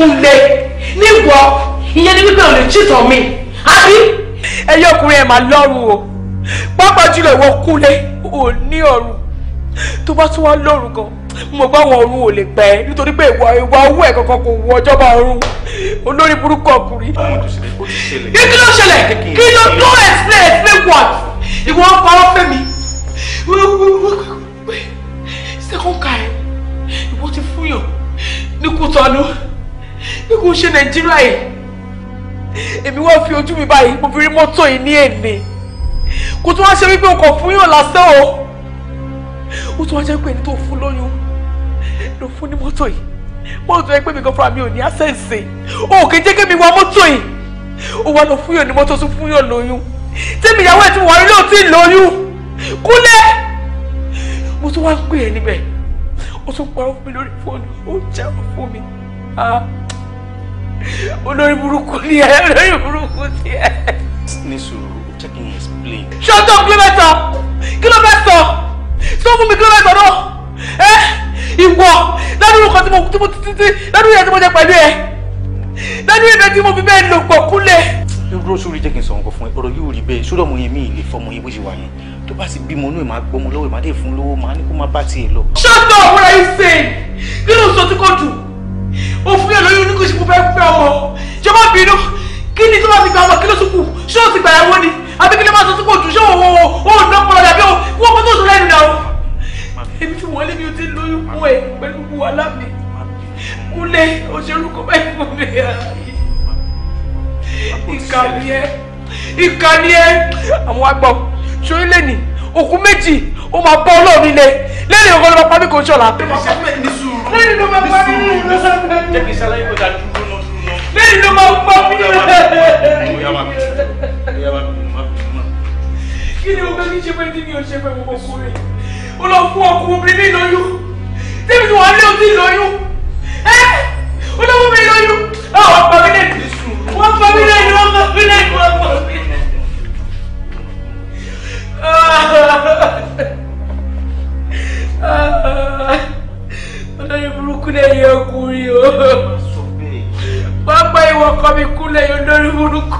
kúnlé níwọ ìyẹn ni wípé o lè mi àbí. ẹyẹ ọkùnrin ẹ máa lọ́rùn o pápá jùlọ ìwọ kúnlé ò ní ọ̀rùn tó bá tún wá lọ́rùn gan mo gbọ́ àwọn ọ̀run ò lè pẹ́ nítorí pé ìwà ìwà owó ẹ̀ kankan kò wọ ọjọ́ bá olórí burúkú ọkùnrin. kí ló ṣẹlẹ̀ kí ló ló explain explain what ìwọ ọkọ̀ fẹ́ mi second kind ìwọ ti fúyàn ní kútọ́nù bí kò ṣe nàìjíríà yìí èmi wá fi ojú mi báyìí mo fi rí mọ́tò yìí ní èdè kò tún wá ṣe wípé o kò fún yàn lásán o ó tún wá jẹ́ pé ẹni tó fún lóyún ló fún ní mọ́tò yìí mọ́tò tó pé mi gan fúnra mi ò ní àṣẹ̀ṣe o kì í jẹ́ kí mi wá mọ́tò yìí ó wá lọ fún yàn ní mọ́tò tún fún yàn lóyún tẹ́mi ìyàwó ẹ̀ tí wọ́n rí lóò tí lóyún kúlẹ̀ mo tún wá ń pè é níbẹ̀ ó tún parọ́ fún mi lórí fóònù ó jẹ́wọ́ fún mi. Ah! olórí burúkú ni ẹ olórí burúkú ni ẹ. ní sùúrù jẹ́ kí n explain. ṣọ́tọ̀ kí ló sọ fún mi kí náà ẹ ìwọ ládùúgbò kan tí mo tí mo ti ti ládùúgbò yẹn tí mo jẹ pẹ̀lú ẹ ládùúgbò yẹn tí mo fi bẹ́ẹ̀ lò pọ̀ kúlẹ̀. irú sórí jẹ́ kí n sọ nǹkan fún ẹ ọ̀rọ̀ yóò rí bẹ́ẹ̀ sódò ọmọ yẹn mi lè fọmọ yẹn bó ṣe wà yẹn tó bá ti bímọ inú ẹ̀ máa gbọ́mọ lọ́wọ́ ẹ̀ máa dé fún lówó máa ní kó má bá tiẹ̀ lọ. ṣọ́tọ̀ ọ̀rẹ́ yìí kí ló sọ tí kò dùn o fún yẹn lóyún oníkùsì mo fẹ́ fẹ́ ọmọ ṣé má bínú kí ni tó bá ti gba ọmọ kí ló tún ṣé o ti gbà ẹ̀wọ́ ni àbí kí ló máa sọ sí kò tù ṣé òun ò ná pọlọ dàbí o wọ́n kó tó sọ lẹ́nu náà èmi ti wọlé mi ò ti lóyún mú ẹ pẹ̀lú gbogbo alámi kúlẹ̀ òṣèlú kọ́ báyìí kò lè ra ìkànnì ẹ ìkànnì ẹ àwọn àgbọ̀ ṣó lè nìí òkú méjì ó máa bọ́ ọlọ́run nílé lẹ́yìn òkú ló máa pa mí kò ń ṣọ̀la. lẹ́yìn ló máa pa mí ní ìlú lẹ́yìn ló máa pa mí ní ìlú. kí ni o bẹ́ẹ̀ ní ṣe pé kí ni o ṣe pé mo kọ́ rẹ̀ o lọ fún ọkùnrin obìnrin ní ìlọ́yún débi tí wọ́n lé òtí ìlọ́yún ẹ́ o lọ́wọ́ mi ìlọ́yún àwọn ọ̀pọ̀ mi lẹ́yìn wọ́n pọ̀ mi lẹ́yìn wọ́n pọ̀ lẹ́yìn wọ́n pọ̀ lẹ́yìn ọlọ́ni burúkú lẹ́yìn ọkùnrin o pápá ìwọ kọ́ mi kú lẹ́yìn olórí burúkú.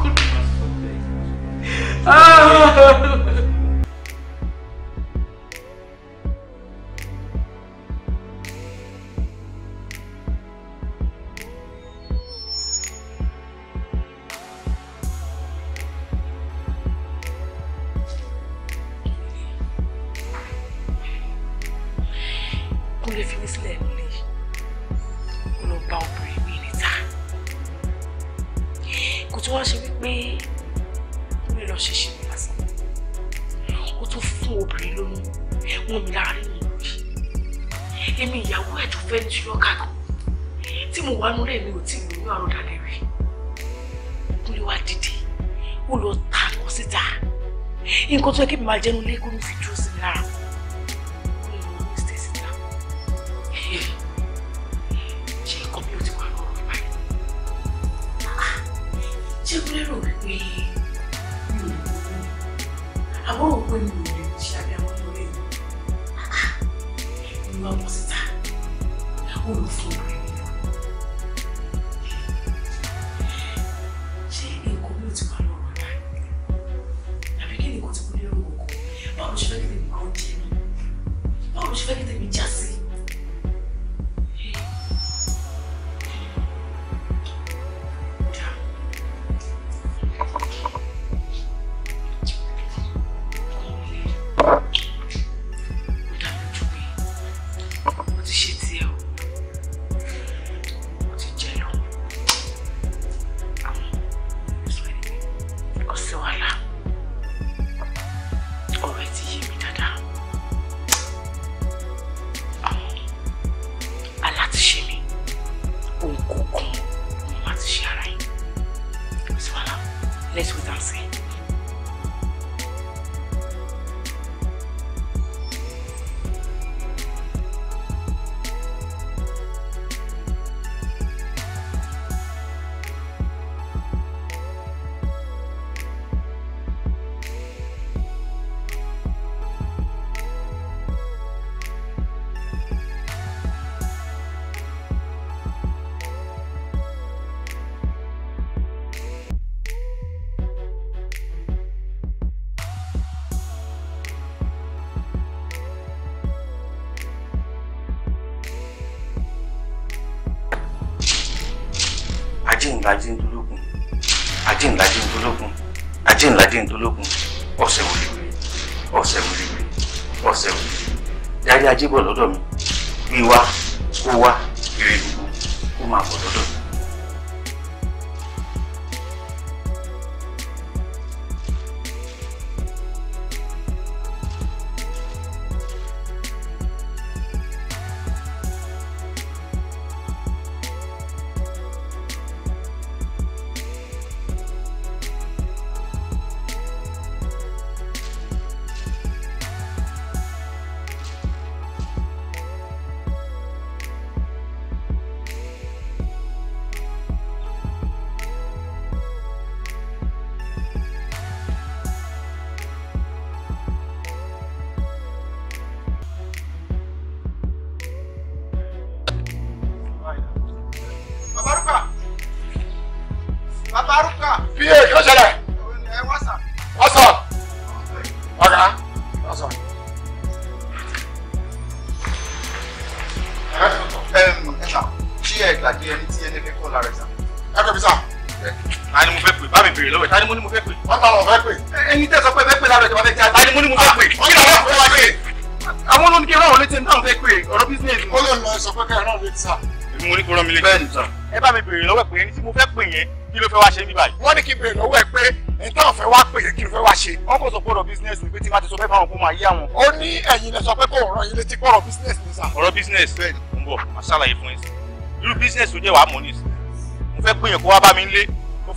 nǹkan tó yẹ kí mi máa jẹnu léegun sí ajínlógún ajínlá ajínlógún ajínlá ajínlógún ọ̀sẹ̀ wòlíwèé ọ̀sẹ̀ wòlíwèé ọ̀sẹ̀ wòlíwèé dárí ajé bọ̀ lọ́dọ̀ mi gbé wá kó wá kiri gbogbo kó máa bọ̀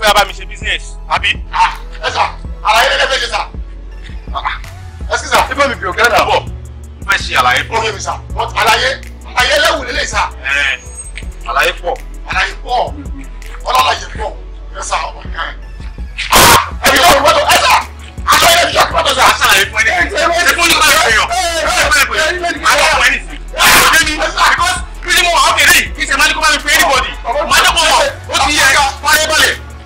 pé a bá mi ṣe business àbí. Ah, ẹ sà àlàyé lẹ́lẹ́ fẹ́ ṣe sà. Ah, ẹ sì sà. ẹ bá mi bí ọ̀gá náà bọ̀. mo fẹ́ ṣe àlàyé pọ̀. ọ̀rẹ́ mi sà àlàyé àlàyé lẹ́wù lélẹ̀ sà. àlàyé pọ̀. àlàyé pọ̀ ọlọ́làyé pọ̀ ẹ sà oh ah, ọ̀gá ẹ. ẹ bí ọ̀rọ̀ ẹ sà aṣọ ilé ìjọ kí mọ́tò sà. a ṣàlàyé fún ẹni ṣe fún yóò máa ṣèyàn ṣe fún ẹni because bí mo wà ó kéré yìí kí ṣe máa ní kó máa fi anybody máa dọ́kọ̀ wọ̀ ó ti yẹ fún ayé balẹ̀.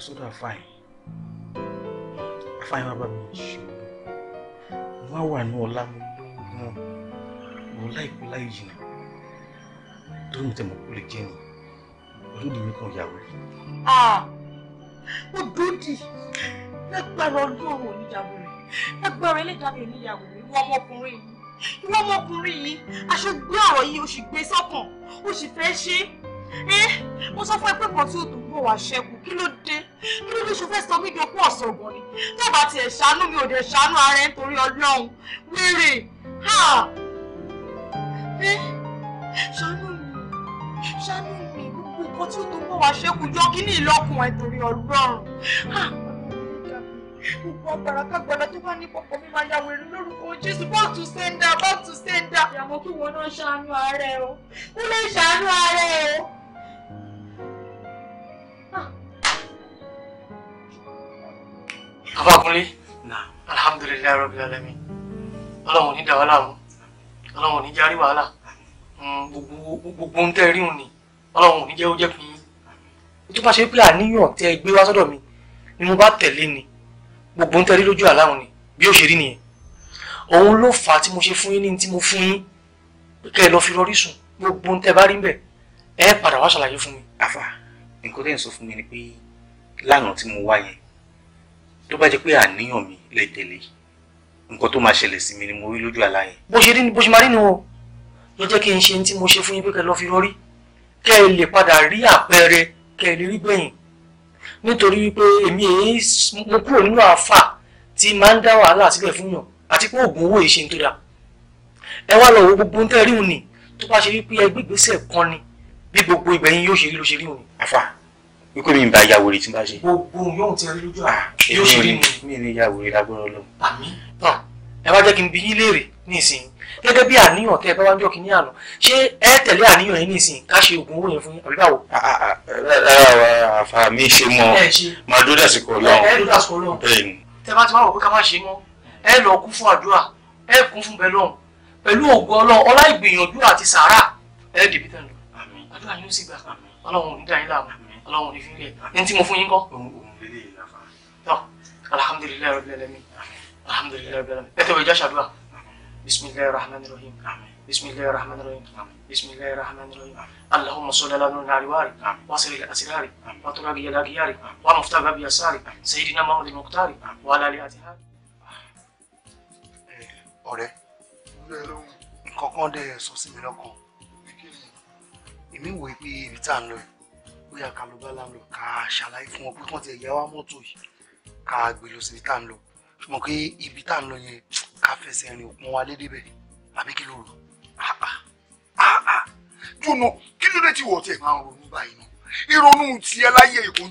lọ sọ́dọ̀ àfàìn àfàìn bàbá mi ṣòro wọ́n wà ní ọlá mi lóògùn mo láìpẹ́ láì jìnnà tó mi tẹ̀mọ̀ kó lè jẹ́ ni olóòdì mi kan yàwó. odòdì lágbára ọdún ọ̀hún oníyàwó rẹ̀ lágbára ẹlẹ́dàbí oníyàwó rẹ̀ wọ́n ọmọkùnrin yìí wọ́n ọmọkùnrin yìí aṣọ gbé ọ̀rọ̀ yìí o sì gbé sọ́kàn o sì fẹ́ ṣe é mo sọ fún ẹ pé kan tí ó tó bọ̀ wá ṣẹ́gun kí ló dé kí ló dé ṣe fẹ́ sọ mí di okú ọ̀sán ọ̀gbọ̀n ni tó bá tiẹ̀ ṣàánú mi ò dẹ̀ ṣàánú ara ẹ̀ nítorí ọlọ́run wéré ha ẹ ṣàánú mi ṣàánú mi gbogbo nǹkan tí ó tó bọ̀ wá ṣẹ́gun yọ kí ní ìlọ́kùn ẹ̀ torí ọlọ́run ha gbogbo agbára kágbára tó bá ní pọpọ mi máa yàwó èrè lórúkọ jésù back to sender back to sender. ìyàwó kí wọn náà ṣàánú ààrẹ o kó lè ṣàánú ààrẹ o. Apa kuli? rabbil Alhamdulillah ọlọ́run ní dàwálà mú ọlọ́run ní járí wàhálà hmm, gbogbo ń tẹ́ rí òun ni ọlọ́run ní jẹ́ ó jẹ́ fún yín tó bá ṣe pé àníyàn tẹ́ gbé wá sọ́dọ̀ ni mo bá ni gbogbo ń tẹ́ rí ni bí ó ṣe rí nìyẹn òun ló fà á tí mo ṣe fún yín ní tí mo fún yín kẹ́ ẹ lọ fi rọrí sùn gbogbo ń tẹ́ bá rí ń bẹ̀ ẹ padà wá ṣàlàyé fún mi. ni pé lánàá tí tó bá jẹ́ pé àníyàn mi lè tẹ̀lé nǹkan tó máa ṣẹlẹ̀ sí mi ni mo rí lójú àlá yẹn. bó ṣe rí ni bó ṣe máa rí ni o ló jẹ́ kí n ṣe tí mo ṣe fún yín pé kẹ́ lọ́ọ́ fi rọrí kẹ́ ẹ lè padà rí àpẹẹrẹ kẹ́ ẹ lè rí gbẹ̀yìn nítorí wípé èmi èyí mo kúrò nínú àáfà tí máa ń dá wàhálà sílẹ̀ fún yàn àti pé oògùn owó yìí ṣe ń tó dáa ẹ wá lọ wo gbogbo ń ni tó bá ṣe wípé ẹgbẹ́ kan ni bí gbogbo ibẹ̀ yóò ṣe rí ló ṣe ríhùn ni. àfà wípé mi ń bá yàwó rẹ̀ tí n bá ṣe. gbogbo yóò ti rí lójú àá ah, yóò ṣe rí mi. mi ní yàwó rẹ̀ lágbára Ọlọ́run. àmì náà ẹ bá jẹ́ kí n bi yín léèrè nísìnyí gẹ́gẹ́ bí àníyàn tẹ́ ẹ bá wá ń jọ́ kínní àná ṣé ẹ tẹ̀lé àníyàn yín nísìnyí ká ṣe oògùn owó yẹn fún yín àbí báwo. Ah, ah, àfa mi ṣe mọ máa dúró dàsìkò Ọlọ́run. ẹ dúró dàsìkò Ọlọ́run bẹ́ẹ̀ ni. tẹ bá ti máa wọ pé ká má ṣe mọ ẹ lọ kún fún àdúrà ẹ kún fún bẹ́ẹ̀ lọ́hùn pẹ̀lú òògùn Ọlọ́run ọlá ìgbìyànjú àti sàárà ẹ dìbí tẹ̀lé àdúrà yín sì gbà ọlọ́run rí fílẹ̀ ẹni tí mo fún yín kọ́. òun òun lè lè yẹra fa. tọ́ alhamdulilayi rabbil alamin alhamdulilayi rabbil alamin ẹ tẹ́wọ̀ ìjà ṣàdúrà bisimilayi rahman rahim bisimilayi allahumma sọlá nariwari wasiri asirari waturabi yalagiyari wa wa alali ati hali. ọ̀rẹ́ nǹkan kan dẹ̀ sọ sí mi lọ́kàn èmi wòye pé ibi tá à ń lọ yìí ó yà ká ló bá láńlò ká ṣàlàyé fún wọn pé kí wọ́n ti ẹ̀yà wá mọ́tò yìí ká gbé lọ síbi tá à ń lọ ṣùgbọ́n pé ibi tá à ń lọ yẹn ká fẹsẹ̀ rìn òpin wa lédè bẹ̀ àbí kí ló rò jùnà ah, ah, ah, kí ló dé tí wọ́n ti ẹ̀ máa ń ronú báyìí náà ìrònú tiẹ̀ láyé èkó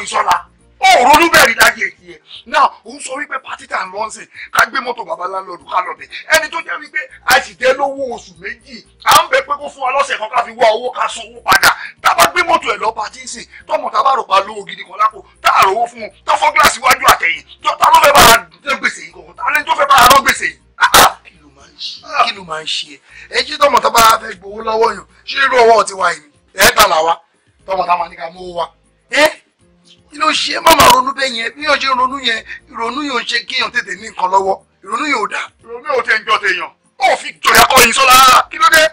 ń jọ Oh, ó ronú bẹ́ẹ̀ rí láyé yìí ẹ̀ náà òun sọ wípé pátí tà ń lọ sí ká gbé mọ́tò bàbá lálọ́dún ká lọ́dẹ ẹni tó jẹ́ wípé àìsìdé lówó oṣù méjì à ń bẹ pé kó fún wa lọ́sẹ̀ kan ká fi wá owó ká sanwó padà tá a bá gbé mọ́tò ẹ̀ lọ pátí ń sìn tọmọ tá a bá rò pa lówó gidi kan lápò tá a rówó fún un tó fọ́ gíláàsì iwájú àtẹ̀yìn tá ló fẹ́ bá a dé gbèsè yìí kọ̀ọ̀kan tá lẹ́ni tó fẹ́ bá a rán gbèsè yìí ah, ah. kí ló máa ń ṣe ẹ jí tọmọ tó bá fẹ́ gbowó lọ́wọ́ yàn ṣé irú ọwọ́ ti wá yìí ẹ tà làwa tọmọ táwọn ní ká mú wa ẹ kí ló ṣe má máa ronú bẹ́ẹ̀ yẹn bí yóò ṣe ronú yẹn ìrònú yóò ṣe kéèyàn tètè ní nǹkan lọ́wọ́ ìrònú yóò dá. ìrònú yóò tẹ jọ tèèyàn ó fi jọyà kọyìn sọlá rárá kí ló dé.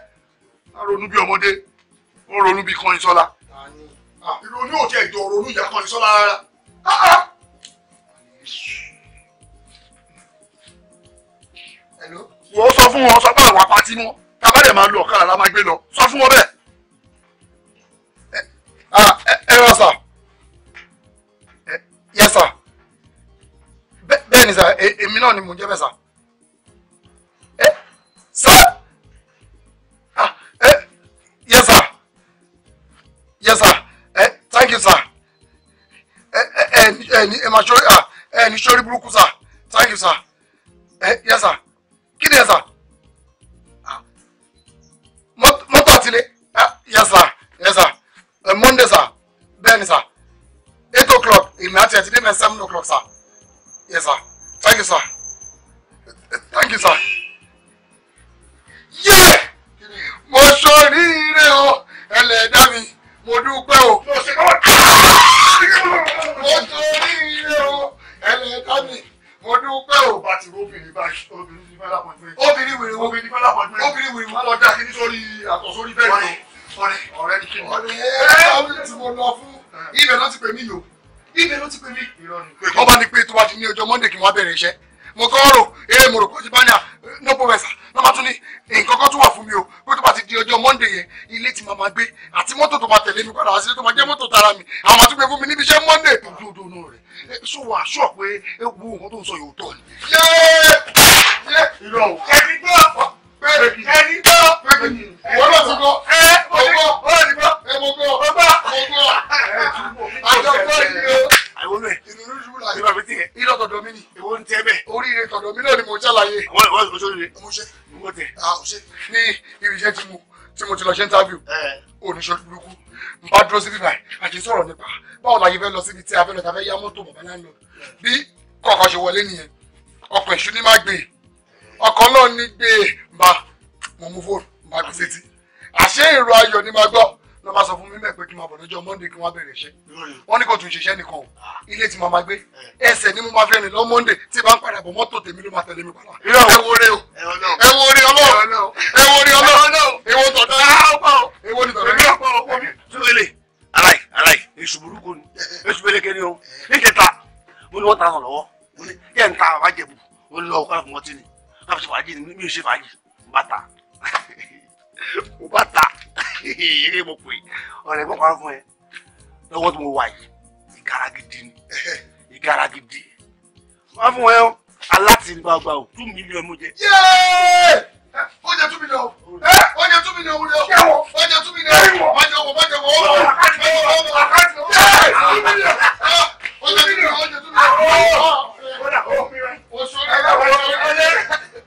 a ronú bí ọmọdé ó ronú bí kọyìn sọlá. Ah, ìrònú yóò tẹ jọ ronú ìyá kọyìn sọlá rárá. Ah, ah. wọ́n sọ fún wọn sọ pé àwọn apá tí wọ́n tàbá dẹ̀ máa lo ọ̀kadà la máa gbé lọ sọ fún wọn bẹ́ẹ̀. ẹ ẹ rà sáà yes sir Ben ni sir e, èmi náà ni mò jẹ́ bẹ́ẹ̀ sir Eh, sir ah eh. yes sir yes sir Eh, thank you sir Eh, eh, ẹ eh. eh ẹ máa ah. Eh, ní ṣọ́rí burúkú sir thank you sir Eh, yes sir kí ni ẹ sir. demain samedi o'clock ça. ọjọ́ Monday yẹn ilé tí màmá gbé àti mọ́tò tó máa tẹ̀lé mi padà àti ilé tó máa jẹ́ mọ́tò tara mi àwọn àtúgbẹ́ fún mi níbi iṣẹ́ Monday. ojú odò náà rẹ̀ ṣó wà ṣó pé ewu nǹkan tó ń sọ yòótọ́ ni. ìrọ̀ ẹni gbọ́ ẹni gbọ́ wọ́n lọ sí ẹ mo gbọ́ ti gbọ́ ẹ mo gbọ́ mo gbọ́ àjọ gbọ́ yìí o. àìwọlé ìnùnú ṣubú la yẹ. ìbáfi tiẹ̀. ilé tọ̀dọ̀ mi ni. èwo ń tẹ́ bẹ́ẹ̀. oríire tọ̀dọ̀ mi náà ni mo jálàyé. wọ́n wọ́n sọ sórí rẹ̀. mo ṣe. mo tẹ̀. é ò ṣe. ní ibi iṣẹ́ ti mu tí mo ti lọ ṣe interview oníṣòro burúkú n bá dúró síbi báyìí àti sọ̀rọ̀ nípa báwo la yẹ fẹ́ lọ síbi tí a fẹ́ lọ ta fẹ́ yá mọ́tò bàbá náà lọ bí kọ̀ọ̀kan ṣe wọlé nìyẹn ọkọ̀ ìṣú ní má gbé ọkọ̀ náà ní gbé bá mo mú fóònù bá gbé sétí àṣé èrò ayọ̀ ni má gbọ́ ló bá sọ fún mi mẹ́ pé kí n máa bọ̀ lọ́jọ́ monday kí n wá bẹ̀rẹ̀ iṣẹ́ wọ́n ní kò tún ṣiṣẹ́ nìkan o ah. ilé tí màmá gbé eh. ẹsẹ̀ ni mo máa fẹ́ rìn lọ monday tí bá ń padà bọ̀ mọ́tò tèmi ló máa tẹ̀lé mi padà ẹ wo re o ẹ wo re ọlọ́run ẹ wo re ọlọ́run èwo tọ̀dọ̀ èwo ni tọ̀dọ̀ ah, èmi ọ̀pọ̀ ọ̀pọ̀ mi. sọ́wọ́lẹ̀ aláì aláì èṣù burúkú ni eh. èṣù pélékè ni o ní kẹta mo ní wọ́n ta sàn lọ́wọ́ mo ní yẹ́ ń ta àwọn àjẹbù mo ní lọ́wọ́ kọ́lá fún ọtí ni káfíńsì fàájì ni mi ò ṣe fàájì mo bá ta mo bá ta eré mo pè ọ̀rẹ́ mo parọ́ fún ẹ lọ́wọ́ tí mo wà yìí ìgara gidi ni ìgara gidi wọ́n fún ẹ aláti ní bàbá o two million mo jẹ. ó two million ó two million wúlò ó jẹ two million má jẹ wọ two million ó jẹ two million ó two million.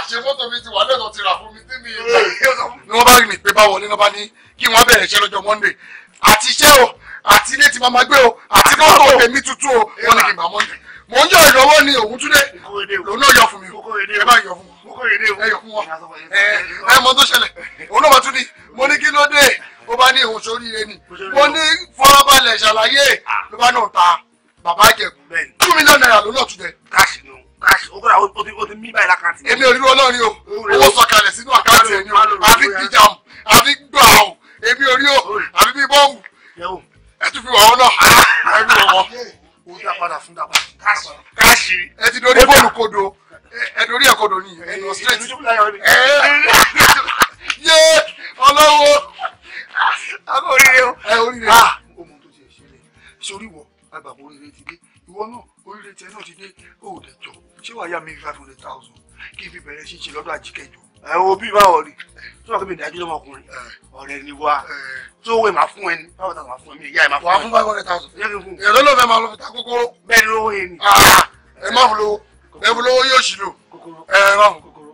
àṣẹ mọ́tò mi ti wà lẹ́tọ̀ ti rà fún mi tí mi. ni wọ́n bá rí mi pé báwo ni wọ́n bá ní kí wọ́n bẹ̀rẹ̀ iṣẹ́ lọ́jọ́ Monday àti iṣẹ́ o àti ilé tí màá máa gbé o àti mọ́tò tèmi tuntun o wọ́n ní kí n bá Monday mò ń yọ ìnáwó ni òun túnde lòun náà yọ fún mi ẹ bá yọ fún wọn ẹ yọ fún wọn ẹ mọ tó ṣẹlẹ̀ òun náà bá tún ní mo ní kí ló dé ó bá ní òun sórí ire mo ní fọwọ́balẹ̀ ṣàlàyé ah. ló bá náà ta bàbá jẹ two million naira ló náà tún jẹ káàṣì ni òun ọgọ́dà ó èmi ò rí ọlọ́run o owó sọ̀kalẹ̀ sínú àkáǹtì ẹ̀yìn o àbí gbìjà o àbí gbọ́ o èmi ò rí o àbí bí bọ́ọ̀mù ẹ tún fi wà ọ́ náà ẹ ní ọwọ́. o dá padà fún dá padà. ẹ ti dorí bọ́ọ̀lù kodo ẹ dorí ẹ̀ kodo ni ẹ lọ straight. yé ọlọ́wọ́ oríire o. ẹ oríire o. o mọ̀ tó ti ẹ̀ ṣe sórí wọ àgbàgbọ́ oríire ti dé ìwọ náà oríire tiẹ̀ náà ti dé ó lè jọ ṣé wàá yá mi five hundred thousand kí n fi bẹ̀rẹ̀ sí ṣe lọ́dọ̀ àjíkẹ́jọ ẹ o bí báwo rí tó wàá fi bẹ̀rẹ̀ ajílọ́mọ ọkùnrin ọ̀rẹ́ ni wá tó wẹ̀ máa fún ẹni báwo ta máa fún ẹni ìyá ẹ máa fún ẹni. wàá fún five hundred thousand èyàn ló lọ fẹ́ máa lọ fi ta kókóró. bẹ́ẹ̀ ni lówó yẹn ni. Ah, ẹ má fún lówó ẹ fún lówó yóò ṣì lò ẹ má fún kókóró.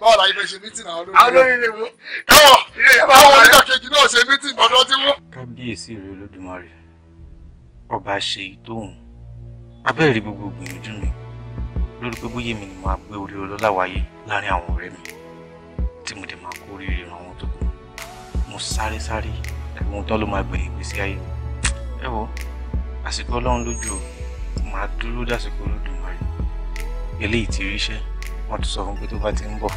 báwo la ibẹ̀ ṣe mítìn àwọn olóyè. àwọn káwọ̀ káwọ̀ onídàkejì náà ṣe mítìn ọ̀dọ́ tí kábíyèsí rẹ̀ Olódùmarè ọba ṣe ìtòhùn abẹ́rẹ́ gbogbo gbìyànjú mi lórí pé bóyá mi ni màá gbé orí ọlọ́lá wáyé láàrin àwọn ọ̀rẹ́ mi tí mo dẹ̀ máa kó oríire ràn wọ́n tó kù mo sáré sáré ẹ̀rù ohun tán ló máa gbẹ̀yìn ìgbésí ayé ẹ wo àsìkò ọlọ́run lójú o màá dúró dásìkò Olódùmarè eléyìí ti ríṣẹ́ wọ́n ti sọ fún pé tó bá ti ń bọ̀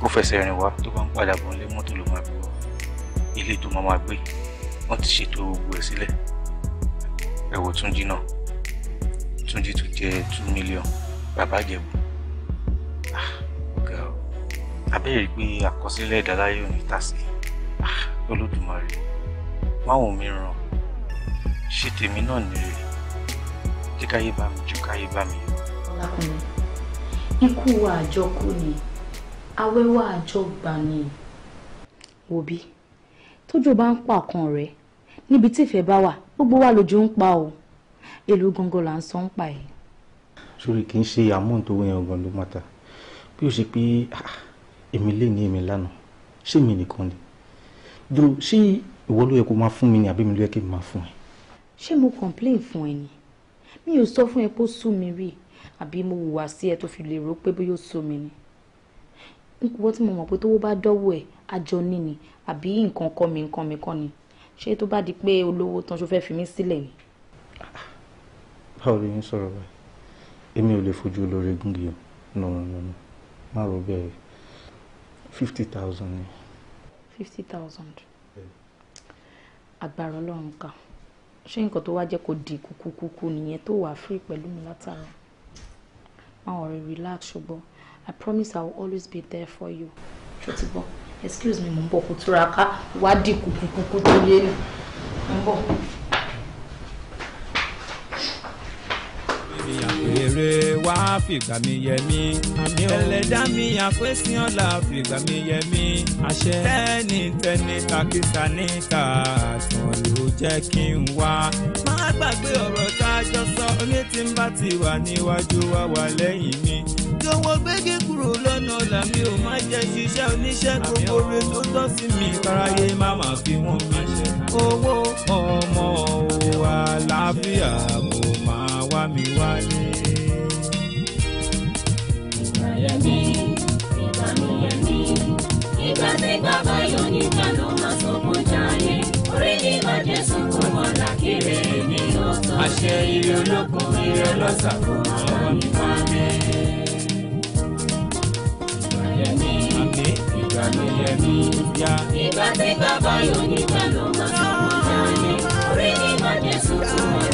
kó fẹsẹ̀ rìn wá tó bá ń padà bọ̀ nílé mọ́tò ló máa gbé wọ ilé tó máa máa gbé wọ́n ti ṣètò gbogbo ẹ̀ sílẹ̀ ẹ wo túnjí náà túnjí tún jẹ two million bàbá jẹ̀bù ah, ọ̀gá o abẹ́rẹ́ pé àkọsílẹ̀ ìdáláyé ò ní tàsí ah, olódùmarè máwọn mi ràn ṣe tèmi náà nìrè jẹ́ káyé bá mi ju káyé bá mi. ọlákùnrin ikú wa àjọkú ni awẹ́wà àjọgbà ni. wòbí tójú bá ń pa ọkàn rẹ níbi tí ìfẹ́ bá wà gbogbo wa lójú ń pa o èlò gangan là ń san pa ẹ̀. sórí kì í ṣe àmúntòwò yẹn gan ló má ta bí ó ṣe pé ah, èmi lè ní èmi lánàá ṣé mi nìkan ni dúró ṣé ìwọ ló yẹ kó máa fún mi ni àbí mi ló yẹ kí n máa fún ẹ. ṣé mo complain fún ẹ ni mi ò sọ fún ẹ pé ó sú mi rí àbí mo hùwà sí ẹ tó fi lè rò pé bóyá ó sú mi ni n kò wọ́n tí mo mọ̀ pé tówó bá dọ́wọ́ ẹ̀ àjọ níní àbí nǹkan kọ́ mi nǹkan mi kọ́ ni ṣé tó bá di pé olówó tán ṣó fẹ́ẹ́ fi mí sílẹ̀ ni. báwo lè yín sọ̀rọ̀ báyìí èmi ò lè fojú olóore gúngi o no no no má rò bẹ́ẹ̀ fifty thousand ni. fifty thousand agbára ọlọ́run ká ṣé nǹkan tó wá jẹ́ kó di kúkúkúkú nìyẹn tó wà free pẹ̀lú mi látara má wọ̀rẹ́ relax ṣùgbọ́n I promise I will always be there for you ṣó ti gbọ́ excuse me mo ń bọ̀ kó túraká wá dìkù kúkú tó yé ni mo ń bọ̀. èrè wá fìgbà mi yẹ mí ẹlẹ́dá mi àpèsè ọ̀la fìgbà mi yẹ mí àṣẹ tẹ́ni tẹ́ni takítaníta àtàn ló jẹ́ kí n wá má gbàgbé ọ̀rọ̀ tó jọ sọ ní tí n bá ti wà níwájú wa wà lẹ́yìn mi. jọ̀wọ́ gbégé kúrò lọ́nà ọ̀la mi ò má jẹ́ ṣiṣẹ́ oníṣẹ́ gbogbo rẹ̀ tó tọ́ sí mi káráyé má má fi wọ́n mi. owó ọmọ wa láfíà kò máa wá mi wálé. ìbáyẹmí ìbámiyẹmí ìgbà tí bàbá yóò ní kánò máa sọ fún jáde orí ní ìbàjẹ́ sọ fún wọn lákìrẹ́ àṣẹ ire ológun ire lọ́sà fún ọ̀rọ̀ nípa mi. ìgbàyẹmí ìgbàlóyẹmí ìgbà tí bàbá yóò nígbà ló máa ń sọ fún mi. orí ni màdé sùn fún ọ̀rọ̀.